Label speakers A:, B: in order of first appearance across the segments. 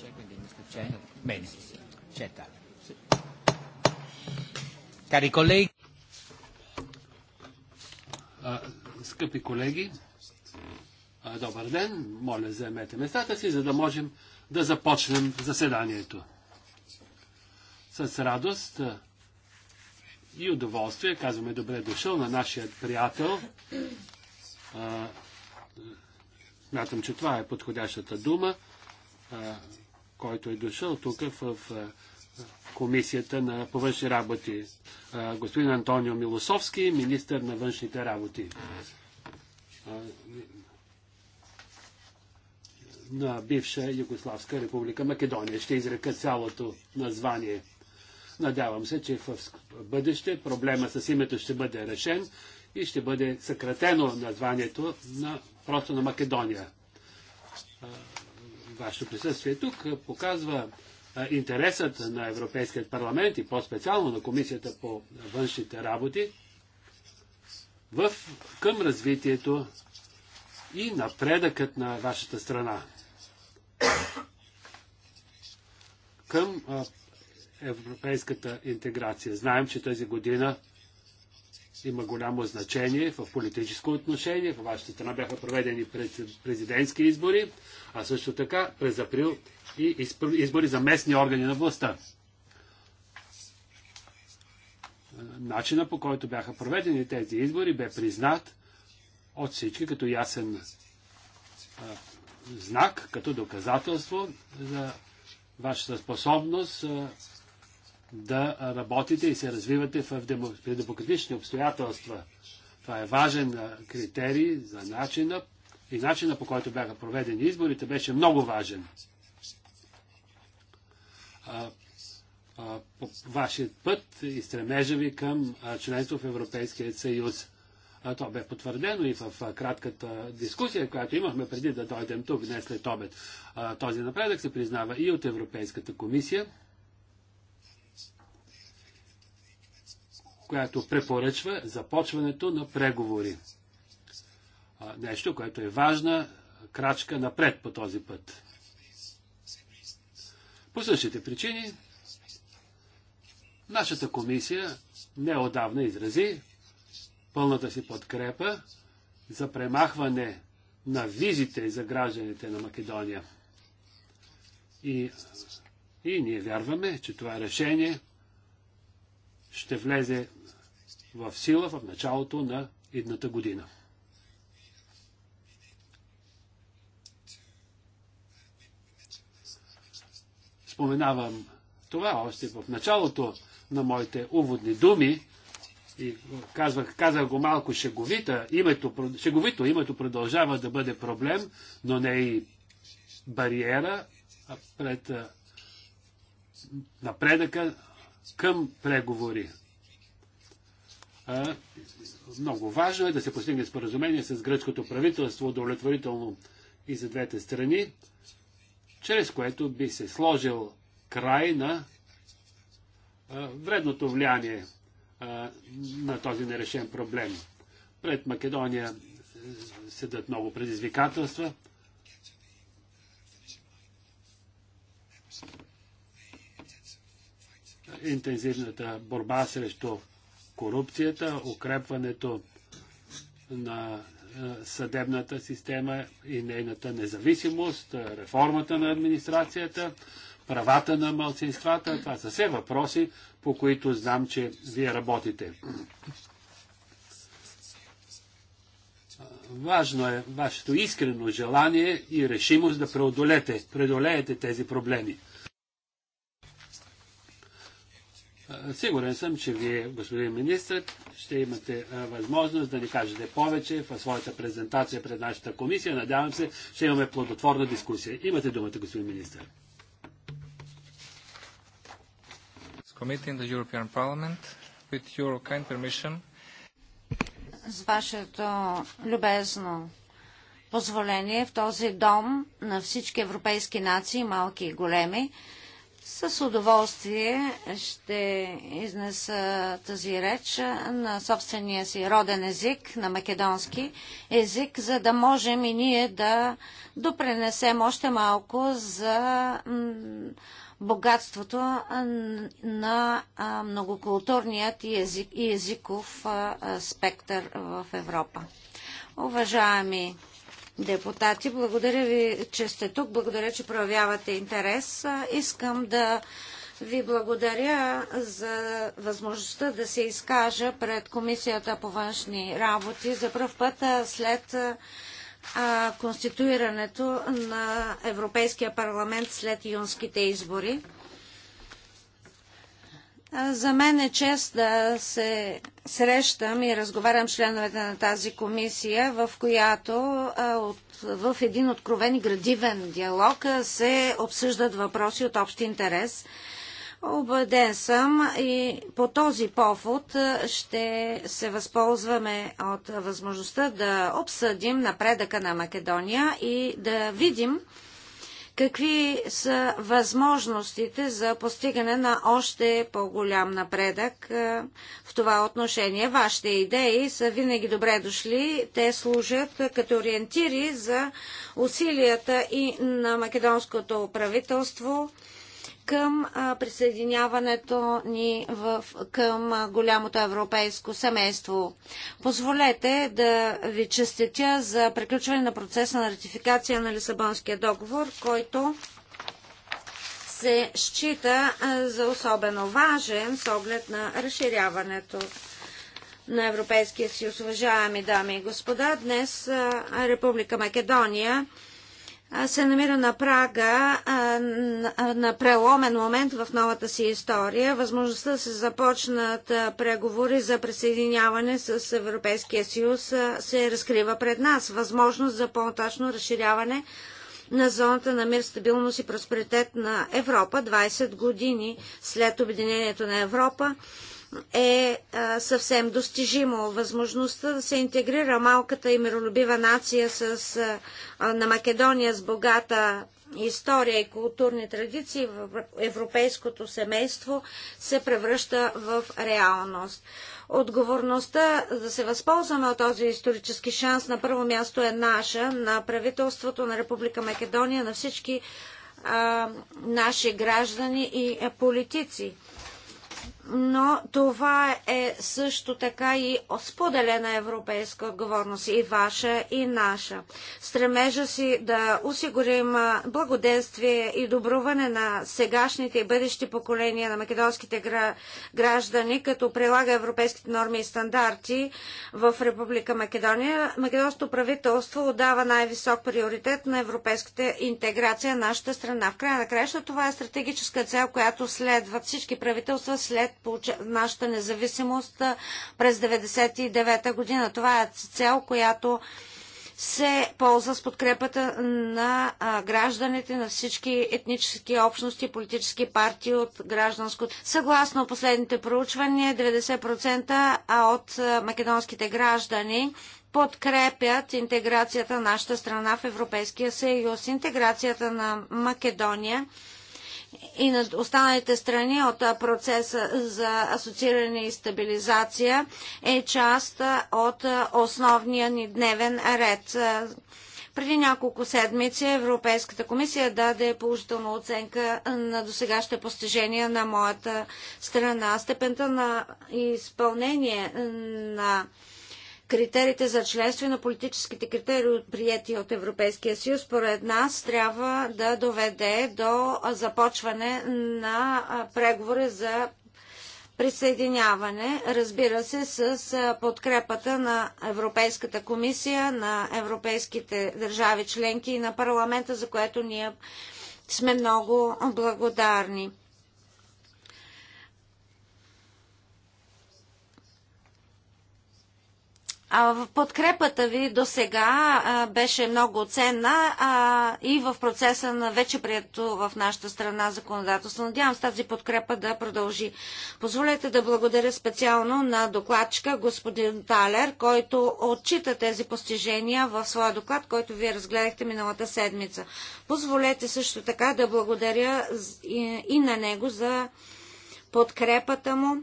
A: c'è, quindi c'è. Bene, c'è tale.
B: Cari colleghi. Скъпи колеги, добър ден. Моля, заемете местата си, за да можем да започнем заседанието. С радост и удоволствие казваме добре дошъл на нашия приятел. Смятам, че това е подходящата дума който е дошъл тук в комисията на повърши работи. Господин Антонио Милосовски, министър на външните работи. На бивша Югославска република Македония. Ще изрека цялото название. Надявам се, че в бъдеще проблема с името ще бъде решен и ще бъде съкратено названието на, просто на Македония вашето присъствие тук показва интересът на Европейският парламент и по-специално на Комисията по външните работи в, към развитието и напредъкът на вашата страна към европейската интеграция. Знаем, че тази година има голямо значение в политическо отношение. Във вашата страна бяха проведени президентски избори, а също така през април и избори за местни органи на властта. Начина по който бяха проведени тези избори бе признат от всички като ясен знак, като доказателство за вашата способност да работите и се развивате в демократични обстоятелства. Това е важен критерий за начина и начина по който бяха проведени изборите беше много важен. А, а, по вашият път и стремежа ви към членство в Европейския съюз. А то бе потвърдено и в кратката дискусия, която имахме преди да дойдем тук днес след обед. А, този напредък се признава и от Европейската комисия. която препоръчва започването на преговори. Нещо, което е важна крачка напред по този път. По същите причини, нашата комисия неодавна изрази пълната си подкрепа за премахване на визите за гражданите на Македония. И, и ние вярваме, че това решение ще влезе в сила в началото на едната година. Споменавам това още в началото на моите уводни думи и казвах, казах го малко шеговита, името, шеговито името продължава да бъде проблем, но не и бариера а пред напредъка към преговори много важно е да се постигне споразумение с гръцкото правителство, удовлетворително и за двете страни, чрез което би се сложил край на вредното влияние на този нерешен проблем. Пред Македония седат много предизвикателства. Интензивната борба срещу корупцията, укрепването на е, съдебната система и нейната независимост, е, реформата на администрацията, правата на малцинствата. Това са все въпроси, по които знам, че вие работите. Важно е вашето искрено желание и решимост да преодолете, преодолеете тези проблеми. сигурен съм, че вие, господин министр, ще имате възможност да ни кажете повече в своята презентация пред нашата комисия. Надявам се, ще имаме плодотворна дискусия. Имате думата, господин министр.
C: С вашето любезно позволение в този дом на всички европейски нации, малки и големи, с удоволствие ще изнеса тази реч на собствения си роден език, на македонски език, за да можем и ние да допренесем още малко за богатството на многокултурният и, език, и езиков спектър в Европа. Уважаеми депутати. Благодаря ви, че сте тук. Благодаря, че проявявате интерес. Искам да ви благодаря за възможността да се изкажа пред Комисията по външни работи за първ път след конституирането на Европейския парламент след юнските избори. За мен е чест да се срещам и разговарям с членовете на тази комисия, в която от, в един откровен и градивен диалог се обсъждат въпроси от общ интерес. Обаден съм и по този повод ще се възползваме от възможността да обсъдим напредъка на Македония и да видим Какви са възможностите за постигане на още по-голям напредък е, в това отношение? Вашите идеи са винаги добре дошли. Те служат като ориентири за усилията и на македонското правителство към присъединяването ни в, към голямото европейско семейство. Позволете да ви честитя за приключване на процеса на ратификация на Лисабонския договор, който се счита за особено важен с оглед на разширяването на Европейския съюз. Уважаеми дами и господа, днес Република Македония се намира на прага на преломен момент в новата си история. Възможността да се започнат преговори за присъединяване с Европейския съюз се разкрива пред нас. Възможност за по-нататъчно разширяване на зоната на мир, стабилност и просперитет на Европа 20 години след Обединението на Европа е а, е, съвсем достижимо. Възможността да се интегрира малката и миролюбива нация с, е, а, на Македония с богата история и културни традиции в европейското семейство се превръща в реалност. Отговорността да се възползваме от този исторически шанс на първо място е наша, на правителството на Република Македония, на всички а, наши граждани и е, политици но това е също така и споделена европейска отговорност и ваша и наша. Стремежа си да осигурим благоденствие и добруване на сегашните и бъдещи поколения на македонските граждани, като прилага европейските норми и стандарти в Република Македония. Македонското правителство отдава най-висок приоритет на европейската интеграция на нашата страна. В края на края това е стратегическа цел, която следват всички правителства след нашата независимост през 1999 година. Това е цел, която се ползва с подкрепата на гражданите на всички етнически общности, политически партии от гражданското. Съгласно последните проучвания, 90% от македонските граждани подкрепят интеграцията на нашата страна в Европейския съюз. Интеграцията на Македония и на останалите страни от процеса за асоцииране и стабилизация е част от основния ни дневен ред. Преди няколко седмици Европейската комисия даде положителна оценка на досегащите постижения на моята страна. Степента на изпълнение на критериите за членство и на политическите критерии, прияти от Европейския съюз, според нас трябва да доведе до започване на преговори за присъединяване, разбира се, с подкрепата на Европейската комисия, на европейските държави членки и на парламента, за което ние сме много благодарни. В подкрепата ви до сега беше много ценна а, и в процеса на вече прието в нашата страна законодателство. Надявам се тази подкрепа да продължи. Позволете да благодаря специално на докладчика господин Талер, който отчита тези постижения в своя доклад, който вие разгледахте миналата седмица. Позволете също така да благодаря и на него за подкрепата му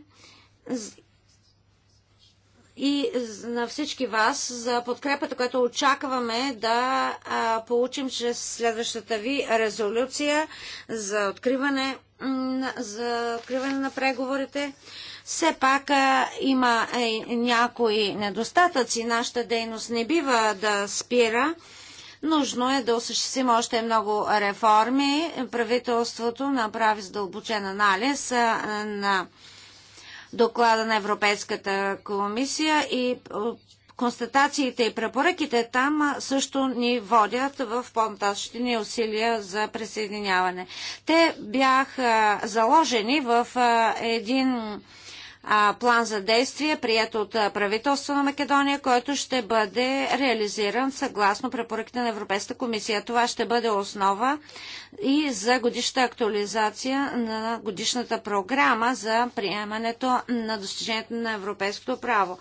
C: и на всички вас за подкрепата, която очакваме да получим чрез следващата ви резолюция за откриване, за откриване на преговорите. Все пак има е, някои недостатъци. Нашата дейност не бива да спира. Нужно е да осъществим още много реформи. Правителството направи задълбочен анализ на доклада на Европейската комисия и констатациите и препоръките там също ни водят в по-нататъчните ни усилия за присъединяване. Те бяха заложени в един план за действие, прият от правителство на Македония, който ще бъде реализиран съгласно препоръките на Европейската комисия. Това ще бъде основа и за годишната актуализация на годишната програма за приемането на достижението на европейското право.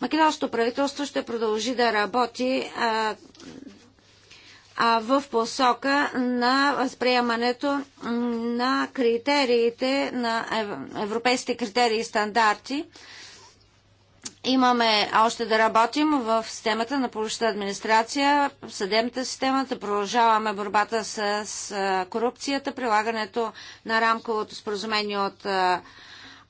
C: Македонското правителство ще продължи да работи а, в посока на възприемането на критериите, на европейските критерии и стандарти. Имаме още да работим в системата на публичната администрация, в съдебната система, да продължаваме борбата с корупцията, прилагането на рамковото споразумение от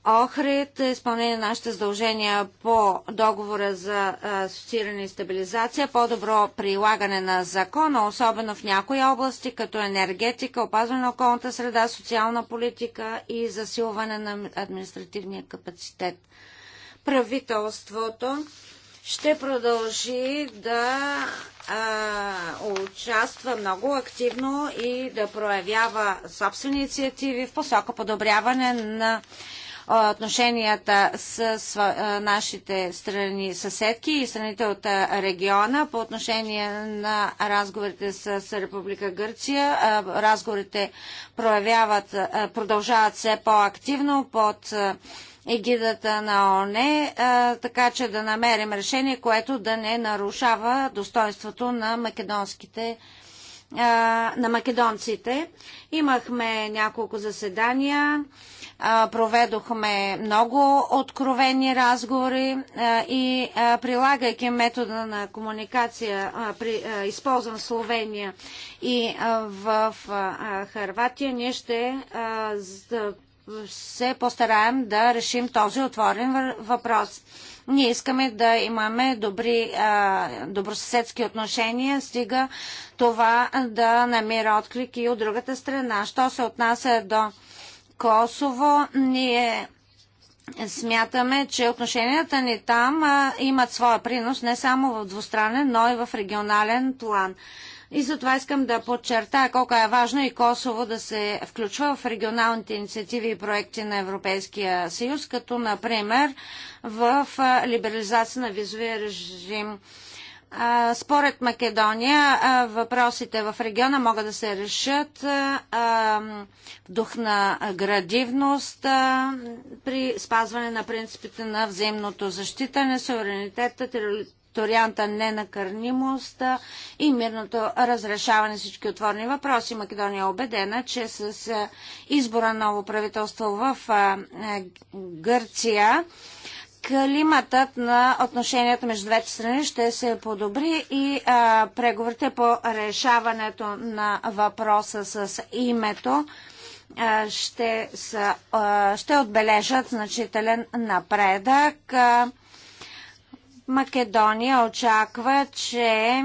C: Охрид, изпълнение на нашите задължения по договора за асоцииране и стабилизация, по-добро прилагане на закона, особено в някои области, като енергетика, опазване на околната среда, социална политика и засилване на административния капацитет. Правителството ще продължи да а, участва много активно и да проявява собствени инициативи в посока подобряване на отношенията с нашите страни съседки и страните от региона по отношение на разговорите с Република Гърция. Разговорите проявяват, продължават все по-активно под егидата на ОНЕ, така че да намерим решение, което да не нарушава достоинството на македонските на македонците. Имахме няколко заседания проведохме много откровени разговори и прилагайки метода на комуникация, при, използван в Словения и в Харватия, ние ще се постараем да решим този отворен въпрос. Ние искаме да имаме добри добросъседски отношения, стига това да намира отклик и от другата страна. Що се отнася до Косово, ние смятаме, че отношенията ни там а, имат своя принос не само в двустранен, но и в регионален план. И затова искам да подчертая колко е важно и Косово да се включва в регионалните инициативи и проекти на Европейския съюз, като например в либерализация на визовия режим според Македония въпросите в региона могат да се решат в дух на градивност при спазване на принципите на взаимното защитане, суверенитета, териториалната ненакърнимост и мирното разрешаване всички отворни въпроси. Македония е убедена, че с избора ново правителство в Гърция климатът на отношенията между двете страни ще се подобри и а, преговорите по решаването на въпроса с името а, ще, са, а, ще отбележат значителен напредък. А, Македония очаква, че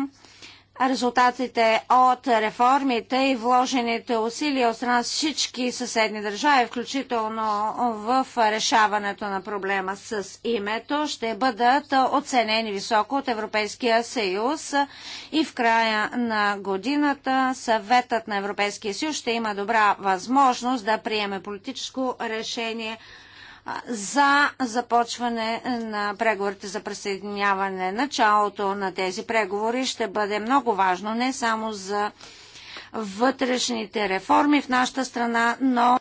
C: резултатите от реформите и вложените усилия от страна всички съседни държави, включително в решаването на проблема с името, ще бъдат оценени високо от Европейския съюз и в края на годината съветът на Европейския съюз ще има добра възможност да приеме политическо решение за започване на преговорите за присъединяване. Началото на тези преговори ще бъде много важно не само за вътрешните реформи в нашата страна, но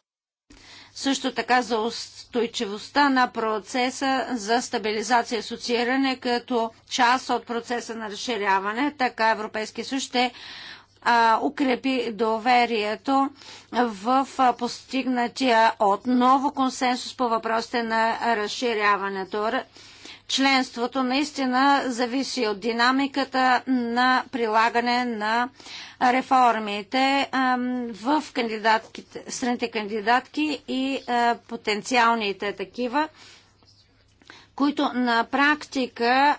C: също така за устойчивостта на процеса за стабилизация и асоцииране като част от процеса на разширяване. Така Европейския съюз ще укрепи доверието в постигнатия отново консенсус по въпросите на разширяването. Членството наистина зависи от динамиката на прилагане на реформите в страните кандидатки и потенциалните такива които на практика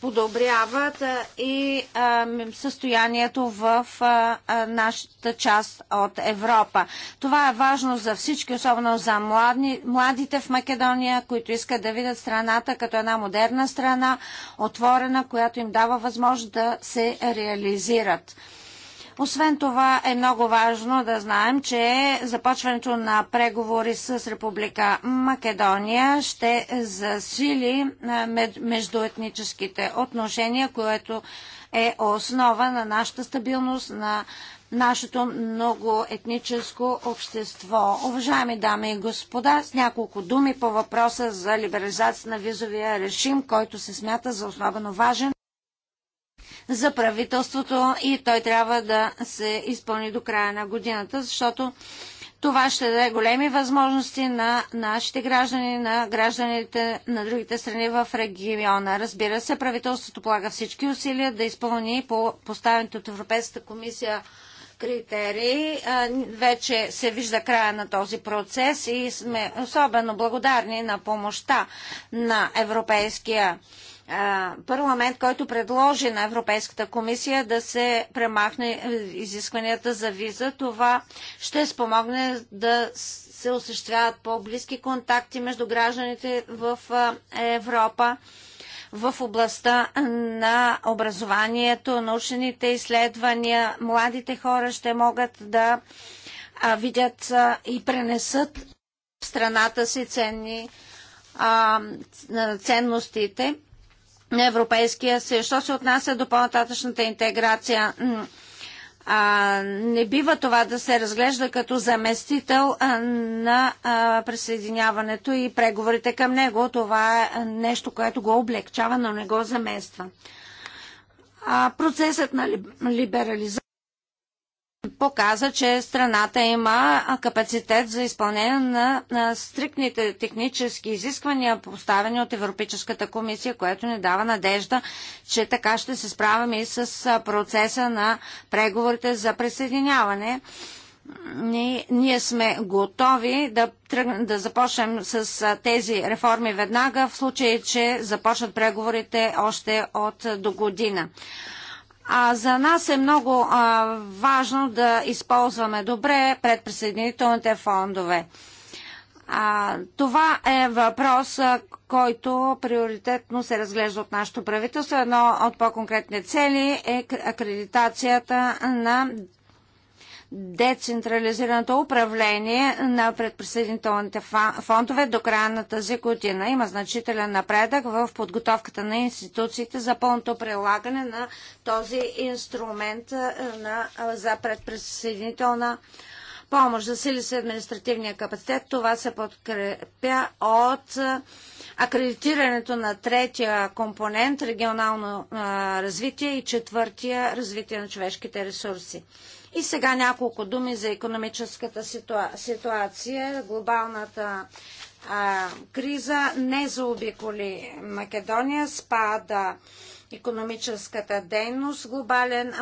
C: подобряват и състоянието в нашата част от Европа. Това е важно за всички, особено за млади, младите в Македония, които искат да видят страната като една модерна страна, отворена, която им дава възможност да се реализират. Освен това е много важно да знаем, че започването на преговори с Република Македония ще засили междуетническите отношения, което е основа на нашата стабилност, на нашето многоетническо общество. Уважаеми дами и господа, с няколко думи по въпроса за либерализация на визовия режим, който се смята за основно важен за правителството и той трябва да се изпълни до края на годината, защото това ще даде големи възможности на нашите граждани, на гражданите на другите страни в региона. Разбира се, правителството полага всички усилия да изпълни по поставените от Европейската комисия критерии. Вече се вижда края на този процес и сме особено благодарни на помощта на Европейския парламент, който предложи на Европейската комисия да се премахне е, изискванията за виза. Това ще спомогне да се осъществяват по-близки контакти между гражданите в Европа в областта на образованието, научните изследвания. Младите хора ще могат да видят и пренесат в страната си ценни ценностите на Европейския съюз. Що се отнася до по-нататъчната интеграция, а, не бива това да се разглежда като заместител а, на а, присъединяването и преговорите към него. Това е нещо, което го облегчава, но не го замества. А, процесът на либерализация показа, че страната има капацитет за изпълнение на, на стрикните технически изисквания, поставени от Европейската комисия, което ни дава надежда, че така ще се справяме и с процеса на преговорите за присъединяване. Ние, ние сме готови да, тръг, да започнем с тези реформи веднага, в случай, че започнат преговорите още от до година. А за нас е много а, важно да използваме добре предприсъединителните фондове. А, това е въпрос, който приоритетно се разглежда от нашето правителство. Едно от по-конкретни цели е акредитацията на децентрализираното управление на предприсъединителните фондове до края на тази година. Има значителен напредък в подготовката на институциите за пълното прилагане на този инструмент е, на, е, за предприсъединителна помощ. Засили се административния капацитет. Това се подкрепя от е, акредитирането на третия компонент регионално а, развитие и четвъртия развитие на човешките ресурси. И сега няколко думи за економическата ситуа... ситуация. Глобалната а, криза не заобиколи Македония, спада економическата дейност, глобален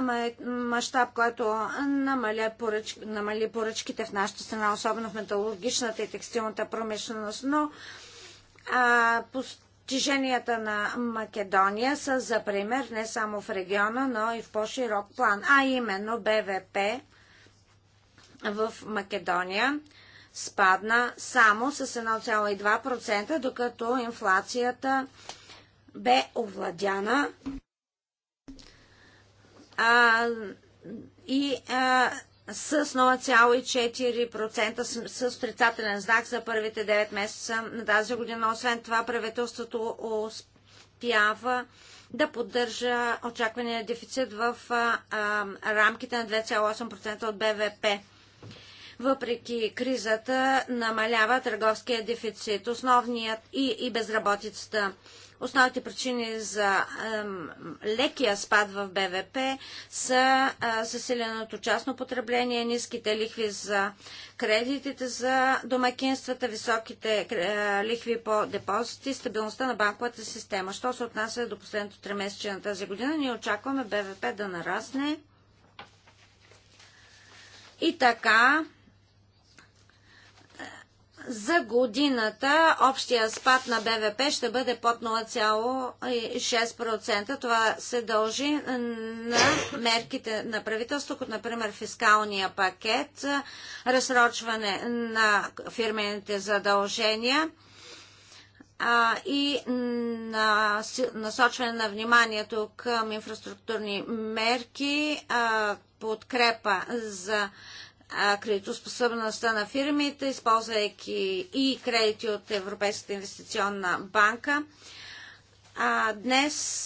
C: мащаб, който намали, поръч, намали поръчките в нашата страна, особено в металургичната и текстилната промишленост, но а, пост- Тишенията на Македония са за пример не само в региона, но и в по-широк план, а именно БВП в Македония спадна само с 1,2%, докато инфлацията бе овладяна а, и а, с 0,4% с отрицателен знак за първите 9 месеца на тази година. Освен това, правителството успява да поддържа очаквания дефицит в а, а, рамките на 2,8% от БВП. Въпреки кризата намалява търговския дефицит, основният и, и безработицата. Основните причини за лекия спад в БВП са е, засиленото частно потребление, ниските лихви за кредитите за домакинствата, високите е, лихви по депозити, стабилността на банковата система. Що се отнася до последното тримесечие на тази година, ние очакваме БВП да нарасне. И така, за годината общия спад на БВП ще бъде под 0,6%. Това се дължи на мерките на правителство, като например фискалния пакет, разсрочване на фирмените задължения и на, насочване на вниманието към инфраструктурни мерки, подкрепа за кредитоспособността на фирмите, използвайки и кредити от Европейската инвестиционна банка. А днес,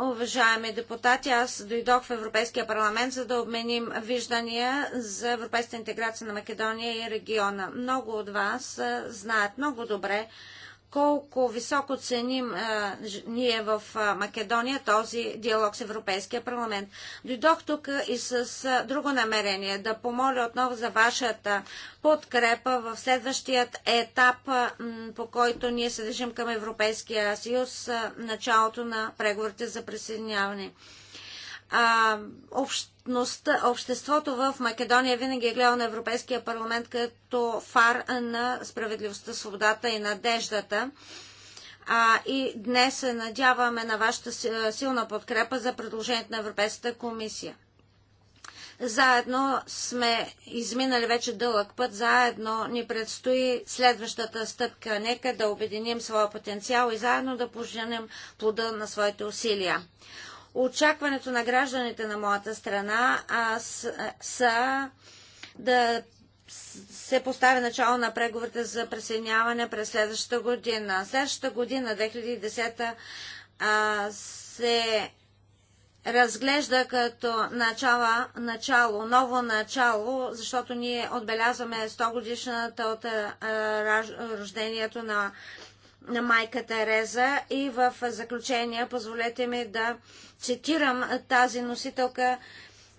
C: уважаеми депутати, аз дойдох в Европейския парламент, за да обменим виждания за европейската интеграция на Македония и региона. Много от вас знаят много добре колко високо ценим а, ние в а, Македония този диалог с Европейския парламент. Дойдох тук и с а, друго намерение да помоля отново за вашата подкрепа в следващият етап, а, м, по който ние се държим към Европейския съюз, а, началото на преговорите за присъединяване а, общността, обществото в Македония винаги е гледало на Европейския парламент като фар на справедливостта, свободата и надеждата. А, и днес се надяваме на вашата силна подкрепа за предложението на Европейската комисия. Заедно сме изминали вече дълъг път, заедно ни предстои следващата стъпка. Нека да обединим своя потенциал и заедно да поженем плода на своите усилия. Очакването на гражданите на моята страна а, с, а, са да се постави начало на преговорите за присъединяване през следващата година. Следващата година, 2010, а, се разглежда като начало, начало, ново начало, защото ние отбелязваме 100 годишната от а, рождението на на майка Тереза и в заключение позволете ми да цитирам тази носителка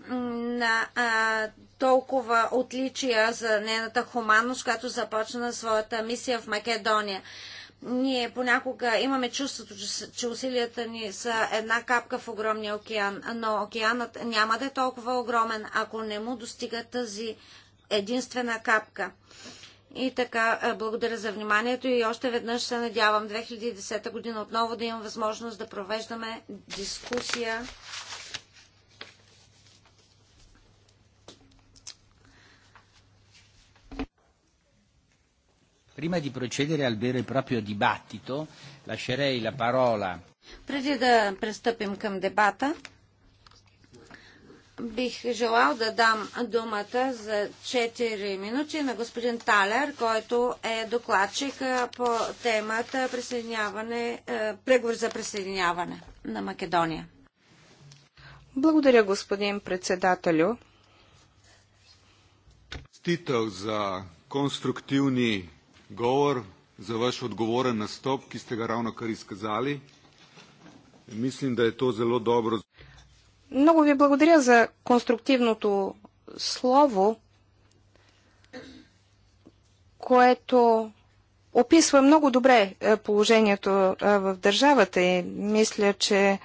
C: на а, толкова отличия за нейната хуманност, която започна своята мисия в Македония. Ние понякога имаме чувството, че, че усилията ни са една капка в огромния океан, но океанът няма да е толкова огромен, ако не му достига тази единствена капка. И така, е, благодаря за вниманието и още веднъж се надявам 2010 година отново да имам възможност да провеждаме дискусия
B: Prima di procedere al vero e proprio dibattito, lascerei la parola.
C: Преди да пристъпим към дебата, Бих желал да дам думата за 4 минути на господин Талер, който е докладчик по темата присъединяване, е, преговор за присъединяване на Македония.
A: Благодаря, господин председателю.
C: Титъл за конструктивни говор, за ваш отговорен nastop, ki ste ga ravno kar izkazali. да е je to zelo
A: много ви благодаря за конструктивното слово, което описва много добре е, положението е, в държавата и мисля, че е,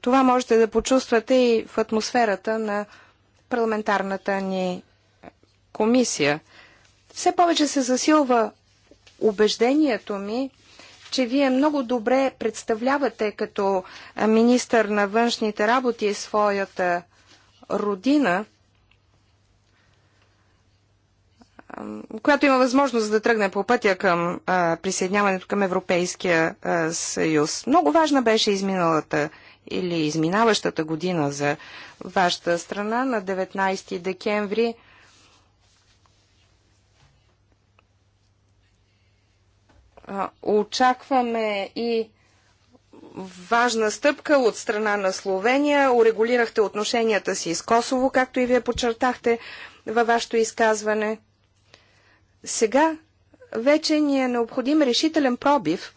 A: това можете да почувствате и в атмосферата на парламентарната ни комисия. Все повече се засилва убеждението ми, че вие много добре представлявате като министър на външните работи своята родина, която има възможност да тръгне по пътя към присъединяването към Европейския съюз. Много важна беше изминалата или изминаващата година за вашата страна на 19 декември очакваме и важна стъпка от страна на Словения. Урегулирахте отношенията си с Косово, както и вие подчертахте във вашето изказване. Сега вече ни е необходим решителен пробив,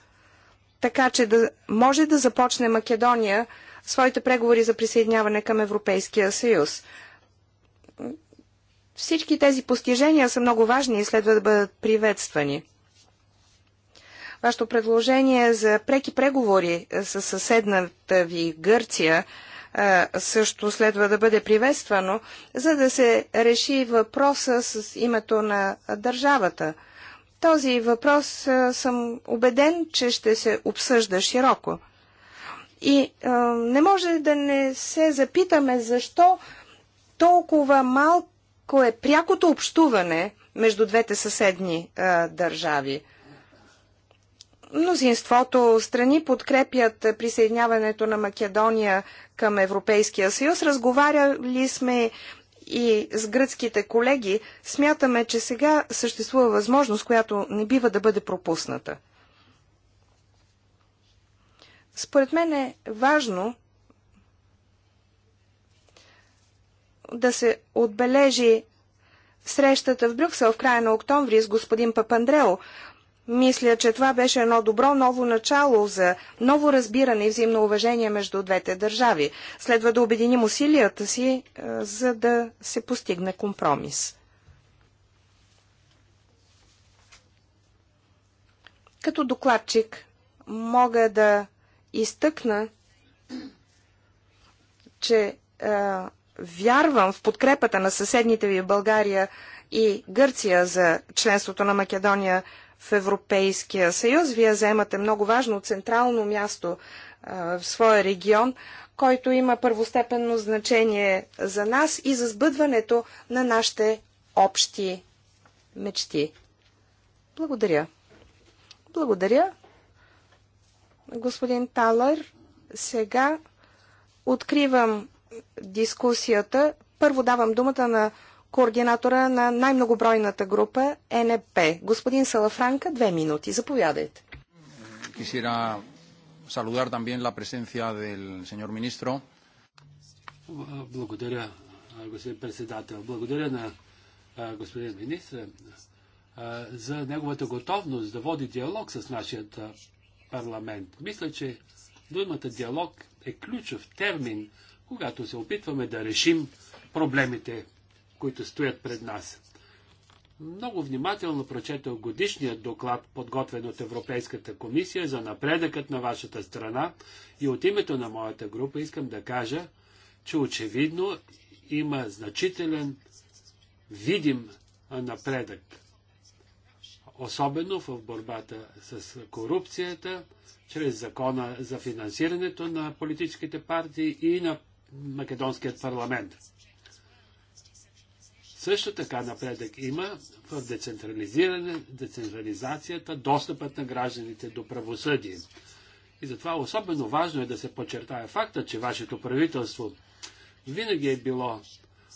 A: така че да може да започне Македония своите преговори за присъединяване към Европейския съюз. Всички тези постижения са много важни и следва да бъдат приветствани вашето предложение за преки преговори е, с съседната ви Гърция е, също следва да бъде приветствано, за да се реши въпроса с името на държавата. Този въпрос е, съм убеден, че ще се обсъжда широко. И не може да не се запитаме защо толкова малко е прякото общуване между двете съседни държави. Мнозинството страни подкрепят присъединяването на Македония към Европейския съюз. Разговаряли сме и с гръцките колеги. Смятаме, че сега съществува възможност, която не бива да бъде пропусната. Според мен е важно да се отбележи срещата в Брюксел в края на октомври с господин Папандрео, мисля, че това беше едно добро ново начало за ново разбиране и взаимно уважение между двете държави. Следва да обединим усилията си, е, за да се постигне компромис. Като докладчик мога да изтъкна, че е, вярвам в подкрепата на съседните ви България и Гърция за членството на Македония в Европейския съюз. Вие вземате много важно централно място в своя регион, който има първостепенно значение за нас и за сбъдването на нашите общи мечти. Благодаря. Благодаря. Господин Талър, сега откривам дискусията. Първо давам думата на координатора на най-многобройната група НП. Господин Салафранка, две минути. Заповядайте.
B: Благодаря, господин председател. Благодаря на господин министр за неговата готовност да води диалог с нашия парламент. Мисля, че думата диалог е ключов термин, когато се опитваме да решим проблемите които стоят пред нас. Много внимателно прочетох годишният доклад, подготвен от Европейската комисия за напредъкът на вашата страна и от името на моята група искам да кажа, че очевидно има значителен, видим напредък. Особено в борбата с корупцията, чрез закона за финансирането на политическите партии и на Македонският парламент. Също така напредък има в децентрализацията, достъпът на гражданите до правосъдие. И затова особено важно е да се подчертая факта, че вашето правителство винаги е било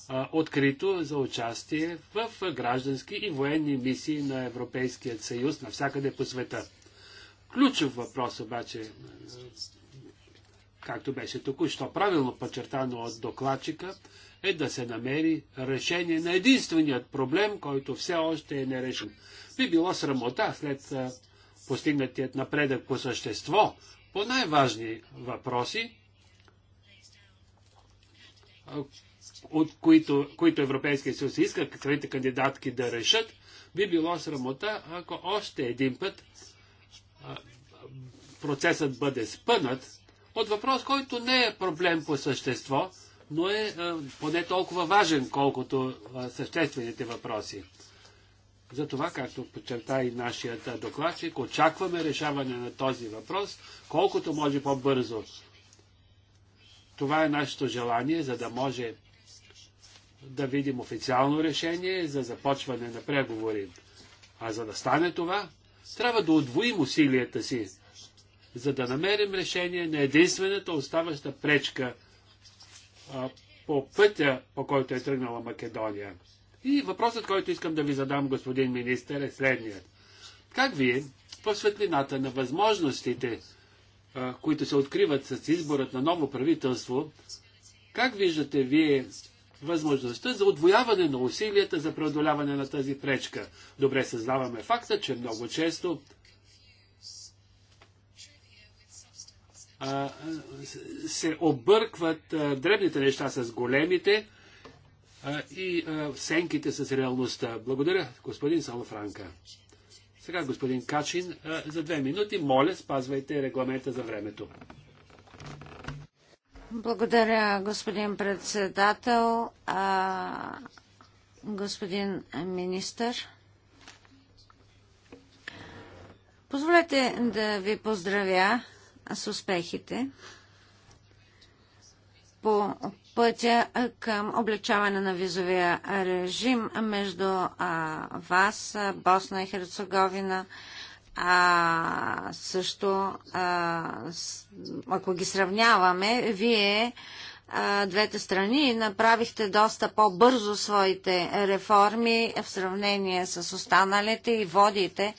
B: а, открито за участие в граждански и военни мисии на Европейския съюз навсякъде по света. Ключов въпрос обаче, както беше току-що правилно подчертано от докладчика, е да се намери решение на единственият проблем, който все още е нерешен. Би било срамота след постигнатият напредък по същество, по най-важни въпроси, от които, които Европейския съюз иска каквите кандидатки да решат, би било срамота, ако още един път процесът бъде спънат от въпрос, който не е проблем по същество, но е поне толкова важен, колкото съществените въпроси. Затова, както подчерта и нашият докладчик, очакваме решаване на този въпрос колкото може по-бързо. Това е нашето желание, за да може да видим официално решение за започване на преговори. А за да стане това, трябва да удвоим усилията си, за да намерим решение на единствената оставаща пречка а, по пътя, по който е тръгнала Македония. И въпросът, който искам да ви задам, господин министър, е следният. Как вие, по светлината на възможностите, а, които се откриват с изборът на ново правителство, как виждате вие възможността за отвояване на усилията за преодоляване на тази пречка? Добре съзнаваме факта, че много често а, се объркват а, дребните неща с големите а, и а, сенките с реалността. Благодаря, господин Салафранка. Сега господин Качин а, за две минути. Моля, спазвайте регламента за времето.
C: Благодаря, господин председател, а, господин министър. Позволете да ви поздравя с успехите по пътя към облегчаване на визовия режим между вас, Босна и Херцеговина, а също, а, ако ги сравняваме, вие двете страни и направихте доста по-бързо своите реформи в сравнение с останалите и водите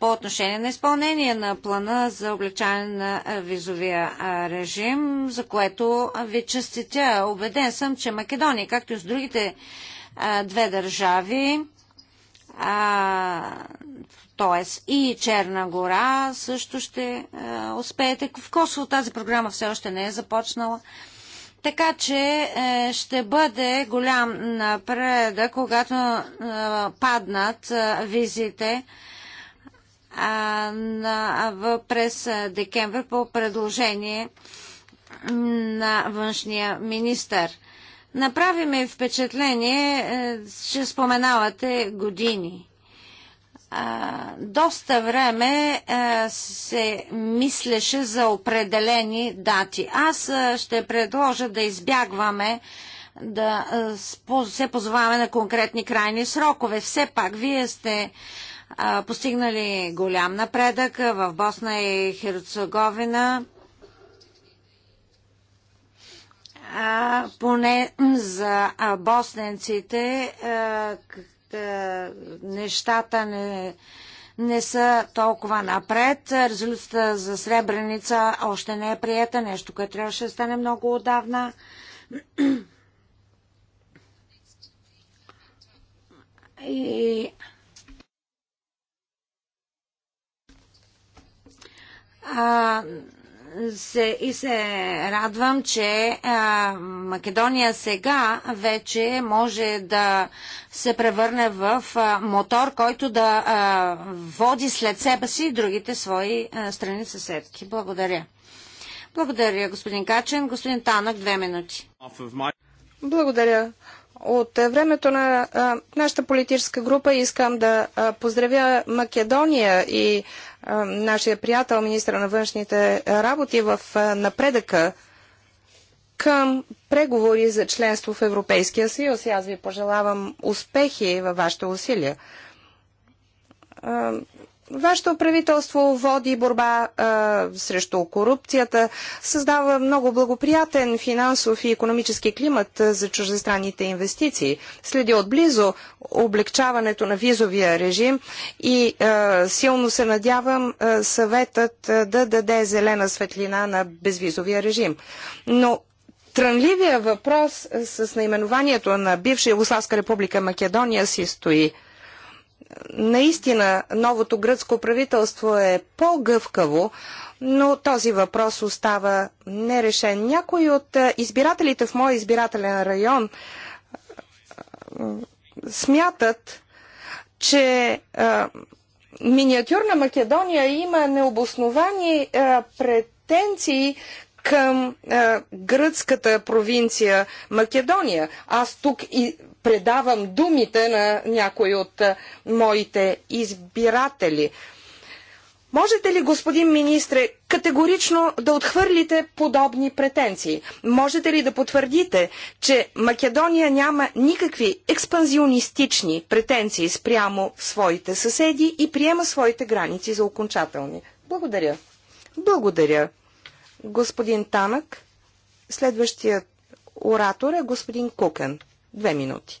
C: по отношение на изпълнение на плана за облегчаване на визовия режим, за което ви честитя. Обеден съм, че Македония, както и с другите две държави, т.е. и Черна гора също ще успеете. В Косово тази програма все още не е започнала. Така че е, ще бъде голям напредък, когато е, паднат е, визите е, на, в, през е, декември по предложение на външния министър. Направи ми впечатление, е, че споменавате години доста време а, се мислеше за определени дати. Аз а, ще предложа да избягваме да се позоваваме на конкретни крайни срокове. Все пак, вие сте постигнали голям напредък в Босна и Херцеговина. поне за босненците е, нещата не, не са толкова напред. Резолюцията за Сребреница още не е приета, нещо, което трябваше да стане много отдавна. И а, се, и се радвам, че а, Македония сега вече може да се превърне в а, мотор, който да а, води след себе си и другите свои а, страни съседки. Благодаря. Благодаря, господин Качен. Господин Танък, две минути. Благодаря.
A: От времето на а, нашата политическа група искам да а, поздравя Македония и а, нашия приятел, министра на външните работи, е в напредъка към преговори за членство в Европейския съюз. И аз ви пожелавам успехи във вашите усилия. Вашето правителство води борба а, срещу корупцията, създава много благоприятен финансов и економически климат за чуждестранните инвестиции. Следи отблизо облегчаването на визовия режим и а, силно се надявам а, съветът да даде зелена светлина на безвизовия режим. Но трънливия въпрос с наименованието на бивша Югославска република Македония си стои – наистина новото гръцко правителство е по-гъвкаво, но този въпрос остава нерешен. Някои от избирателите в моя избирателен район смятат, че а, миниатюрна Македония има необосновани а, претенции към а, гръцката провинция Македония. Аз тук и предавам думите на някои от моите избиратели. Можете ли, господин министре, категорично да отхвърлите подобни претенции? Можете ли да потвърдите, че Македония няма никакви експанзионистични претенции спрямо своите съседи и приема своите граници за окончателни? Благодаря. Благодаря. Господин Танък, следващият оратор е господин Кукен. Две минути.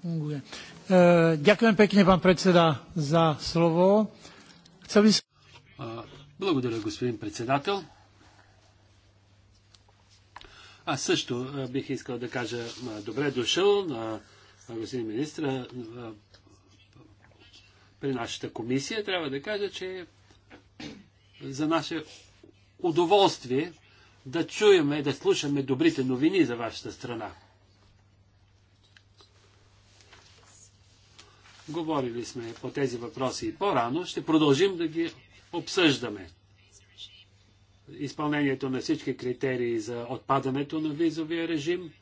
B: funguje. Ďakujem pekne, pán predseda, za slovo. Chcel by som... Благодаря, господин председател. Аз също бих искал да кажа добре дошъл на господин министра при нашата комисия. Трябва да кажа, че за наше удоволствие да чуем и да слушаме добрите новини за вашата страна. Говорили сме по тези въпроси и по-рано. Ще продължим да ги обсъждаме изпълнението на всички критерии за отпадането на визовия режим,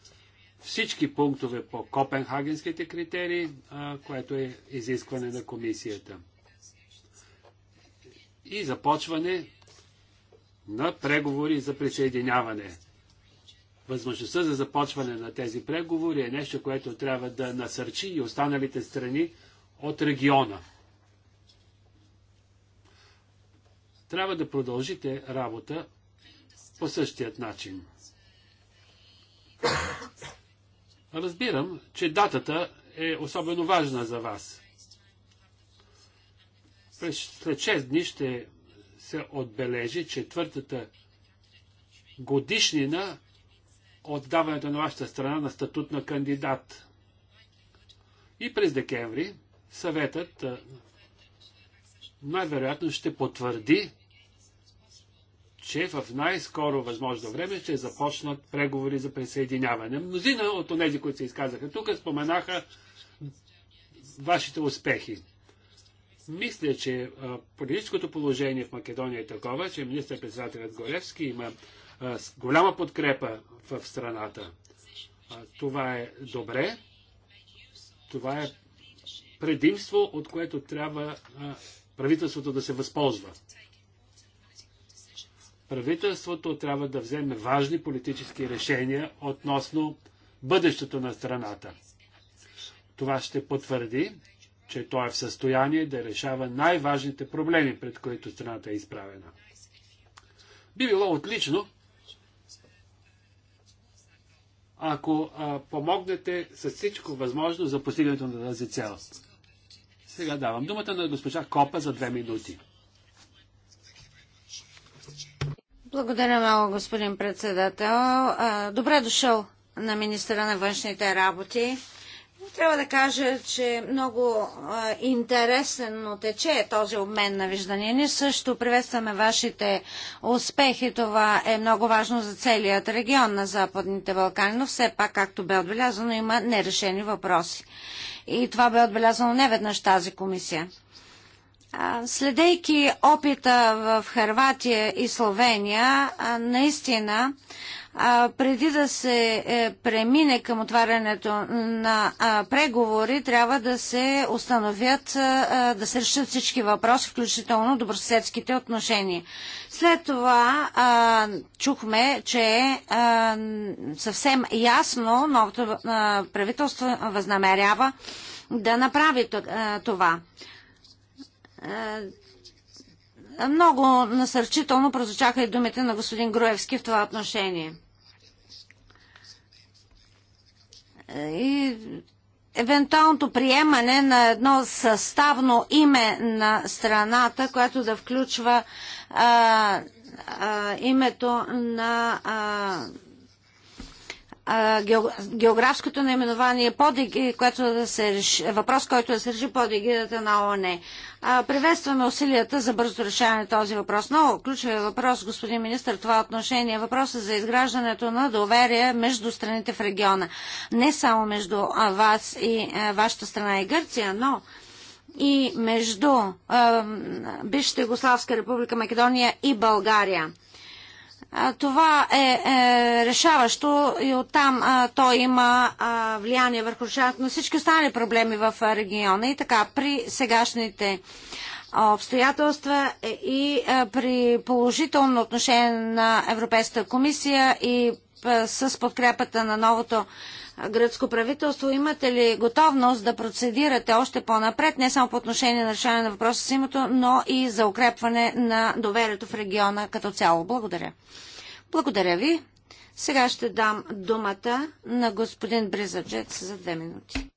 B: всички пунктове по копенхагенските критерии, което е изискване на комисията. И започване на преговори за присъединяване. Възможността за започване на тези преговори е нещо, което трябва да насърчи и останалите страни от региона. трябва да продължите работа по същият начин. Разбирам, че датата е особено важна за вас. През след 6 дни ще се отбележи четвъртата годишнина от даването на вашата страна на статут на кандидат. И през декември съветът най-вероятно ще потвърди че в най-скоро възможно време ще започнат преговори за присъединяване. Мнозина от тези, които се изказаха тук, споменаха вашите успехи. Мисля, че политическото положение в Македония е такова, че министър-председателят Горевски има голяма подкрепа в страната. това е добре. Това е предимство, от което трябва правителството да се възползва правителството трябва да вземе важни политически решения относно бъдещето на страната. Това ще потвърди, че той е в състояние да решава най-важните проблеми, пред които страната е изправена. Би било отлично, ако а, помогнете с всичко възможно за постигането на тази цел. Сега давам думата на госпожа Копа за две минути.
C: Благодаря много, господин председател. Добре дошъл на министра на външните работи. Трябва да кажа, че много интересен интересно тече е този обмен на виждания. Ние също приветстваме вашите успехи. Това е много важно за целият регион на Западните Балкани, но все пак, както бе отбелязано, има нерешени въпроси. И това бе отбелязано не веднъж тази комисия. Следейки опита в Харватия и Словения, наистина преди да се е, премине към отварянето на преговори, трябва да се установят, да се решат всички въпроси, включително добросъседските отношения. След това чухме, че съвсем ясно новото правителство възнамерява да направи това. Е, много насърчително прозвучаха и думите на господин Груевски в това отношение. Е, и евентуалното приемане на едно съставно име на страната, което да включва а, а, името на а, географското наименование, под, е, което да се реши, е въпрос, който да се реши под егидата на ООН. Приветстваме усилията за бързо решаване на този въпрос. Но ключовия въпрос, господин министр, това отношение е въпросът за изграждането на доверие между страните в региона. Не само между вас и вашата страна и Гърция, но и между е, бившата Югославска република Македония и България това е, е решаващо и оттам а, той има а, влияние върху решаването на всички останали проблеми в региона. И така, при сегашните обстоятелства е, и а, при положително отношение на Европейската комисия и а, с подкрепата на новото гръцко правителство. Имате ли готовност да процедирате още по-напред, не само по отношение на решаване на въпроса с името, но и за укрепване на доверието в региона като цяло? Благодаря. Благодаря ви. Сега ще дам думата на господин Бризаджец за две минути.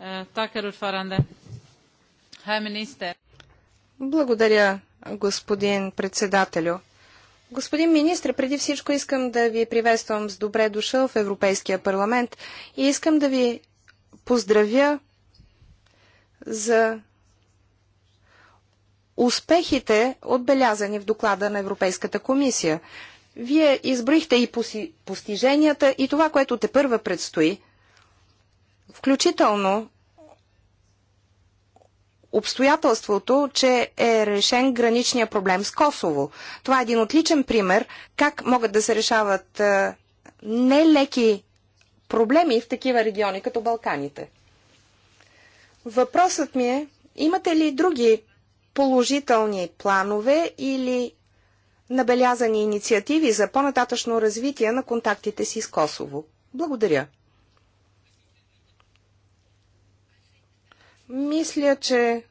C: Е,
A: Благодаря, господин председателю. Господин министр, преди всичко искам да ви приветствам с добре дошъл в Европейския парламент и искам да ви поздравя за успехите, отбелязани в доклада на Европейската комисия. Вие избрихте и постиженията, и това, което те първа предстои, включително обстоятелството, че е решен граничния проблем с Косово. Това е един отличен пример как могат да се решават е, нелеки проблеми в такива региони, като Балканите. Въпросът ми е, имате ли други положителни планове или набелязани инициативи за по-нататъчно развитие на контактите си с Косово? Благодаря. Мисля, че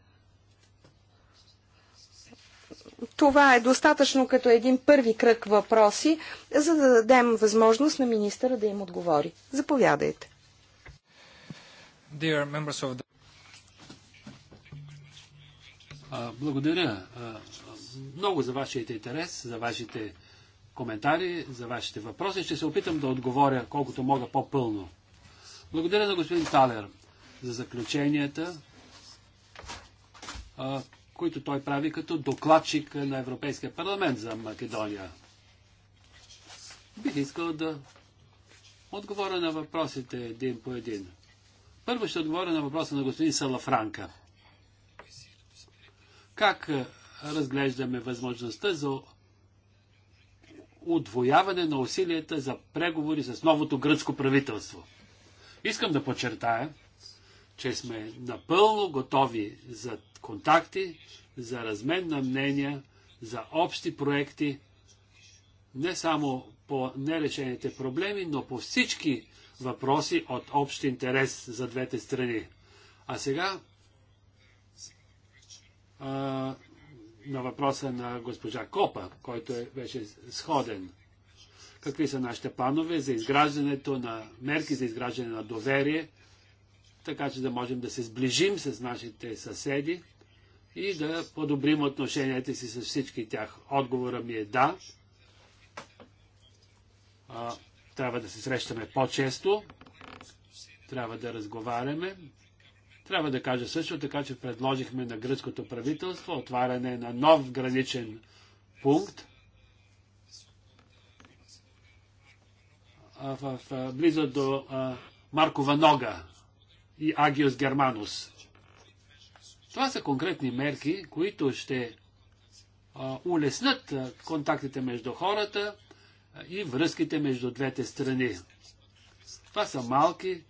A: това е достатъчно като един първи кръг въпроси, за да дадем възможност на министъра да им отговори. Заповядайте.
B: Благодаря много за вашите интерес, за вашите коментари, за вашите въпроси. Ще се опитам да отговоря колкото мога по-пълно. Благодаря на господин Талер за заключенията, които той прави като докладчик на Европейския парламент за Македония. Бих искал да отговоря на въпросите един по един. Първо ще отговоря на въпроса на господин Салафранка. Как разглеждаме възможността за удвояване на усилията за преговори с новото гръцко правителство? Искам да подчертая, че сме напълно готови за контакти, за размен на мнения, за общи проекти, не само по нерешените проблеми, но по всички въпроси от общ интерес за двете страни. А сега а, на въпроса на госпожа Копа, който е, вече сходен. Какви са нашите планове за изграждането на мерки за изграждане на доверие така че да можем да се сближим с нашите съседи и да подобрим отношенията си с всички тях. Отговора ми е да. А, трябва да се срещаме по-често, трябва да разговаряме. Трябва да кажа също така, че предложихме на гръцкото правителство отваряне на нов граничен пункт в, в, в близо до а, Маркова нога и Агиос Германус. Това са конкретни мерки, които ще улеснат контактите между хората и връзките между двете страни. Това са малки,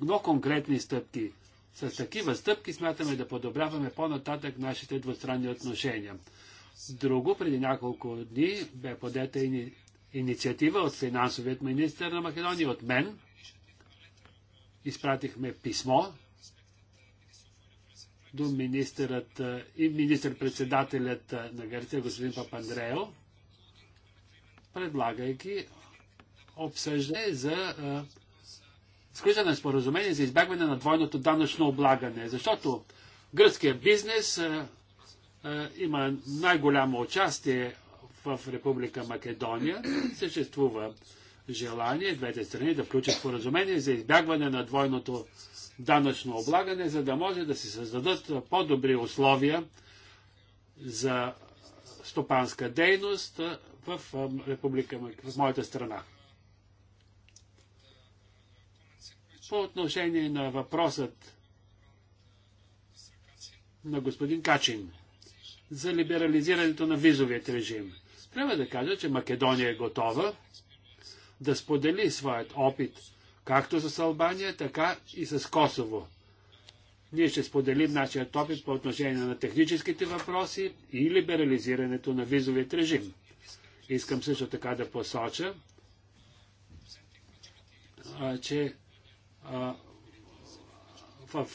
B: но конкретни стъпки. С такива стъпки смятаме да подобряваме по-нататък нашите двустранни отношения. Друго, преди няколко дни бе подета ини... инициатива от финансовият министр на Македония, от мен, изпратихме писмо до министърът и министър-председателят на Гърция, господин Папандрео, предлагайки обсъждане за сключване на споразумение за избягване на двойното данъчно облагане, защото гръцкият бизнес а, а, има най-голямо участие в Република Македония, съществува желание двете страни да включат споразумение за избягване на двойното данъчно облагане, за да може да се създадат по-добри условия за стопанска дейност в, република, в моята страна. По отношение на въпросът на господин Качин за либерализирането на визовият режим. Трябва да кажа, че Македония е готова да сподели своят опит, както с Албания, така и с Косово. Ние ще споделим нашия опит по отношение на техническите въпроси и либерализирането на визовият режим. Искам също така да посоча, че в,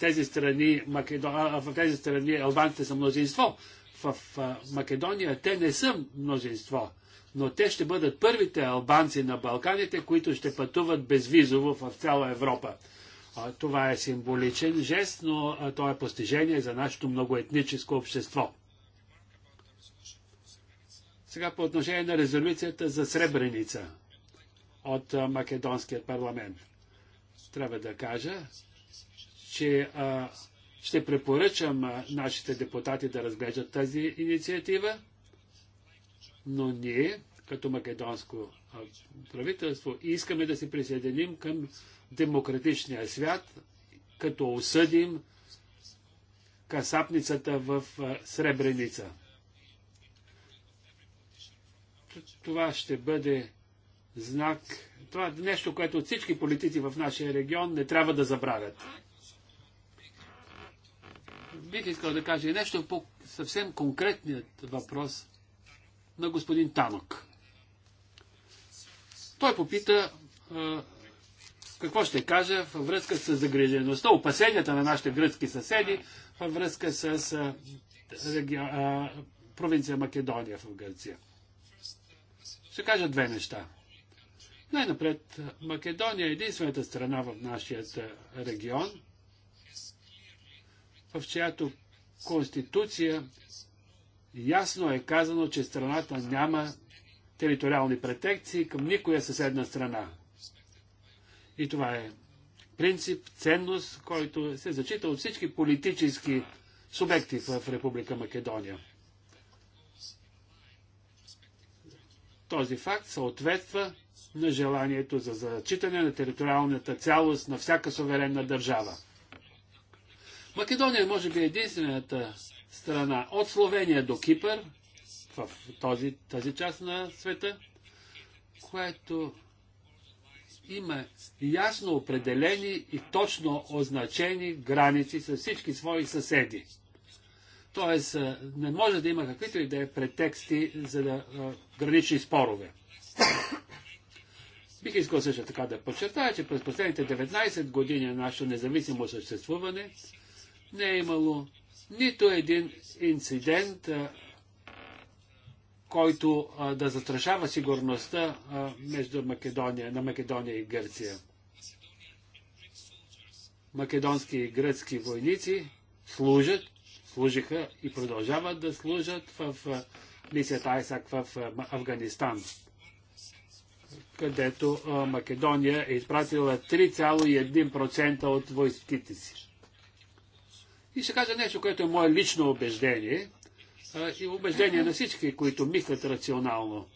B: тези страни, в тези страни албанците са мнозинство. В, в Македония те не са мнозинство но те ще бъдат първите албанци на Балканите, които ще пътуват безвизово в цяла Европа. това е символичен жест, но то е постижение за нашето многоетническо общество. Сега по отношение на резолюцията за Сребреница от Македонският Македонския парламент. Трябва да кажа, че ще препоръчам нашите депутати да разглеждат тази инициатива но ние, като македонско правителство, искаме да се присъединим към демократичния свят, като осъдим касапницата в Сребреница. Това ще бъде знак. Това е нещо, което всички политици в нашия регион не трябва да забравят. Бих искал да кажа и нещо по съвсем конкретният въпрос на господин Танок. Той попита какво ще кажа във връзка с загрижеността, опасенията на нашите гръцки съседи във връзка с провинция Македония в Гърция. Ще кажа две неща. Най-напред, Македония е единствената страна в нашия регион, в чиято конституция ясно е казано, че страната няма териториални претекции към никоя съседна страна. И това е принцип, ценност, който се зачита от всички политически субекти в Република Македония. Този факт съответства на желанието за зачитане на териториалната цялост на всяка суверенна държава. Македония е, може би е единствената страна, от Словения до Кипър, в този, тази част на света, което има ясно определени и точно означени граници с всички свои съседи. Тоест, не може да има каквито и да е претексти за да, а, гранични спорове. Бих искал също така да подчертая, че през последните 19 години на нашето независимо съществуване не е имало нито един инцидент, който да затрашава сигурността между Македония, на Македония и Гърция. Македонски и гръцки войници служат, служиха и продължават да служат в мисията Айсак в Афганистан, където Македония е изпратила 3,1% от войските си. И ще кажа нещо, което е мое лично убеждение и убеждение на всички, които мислят рационално.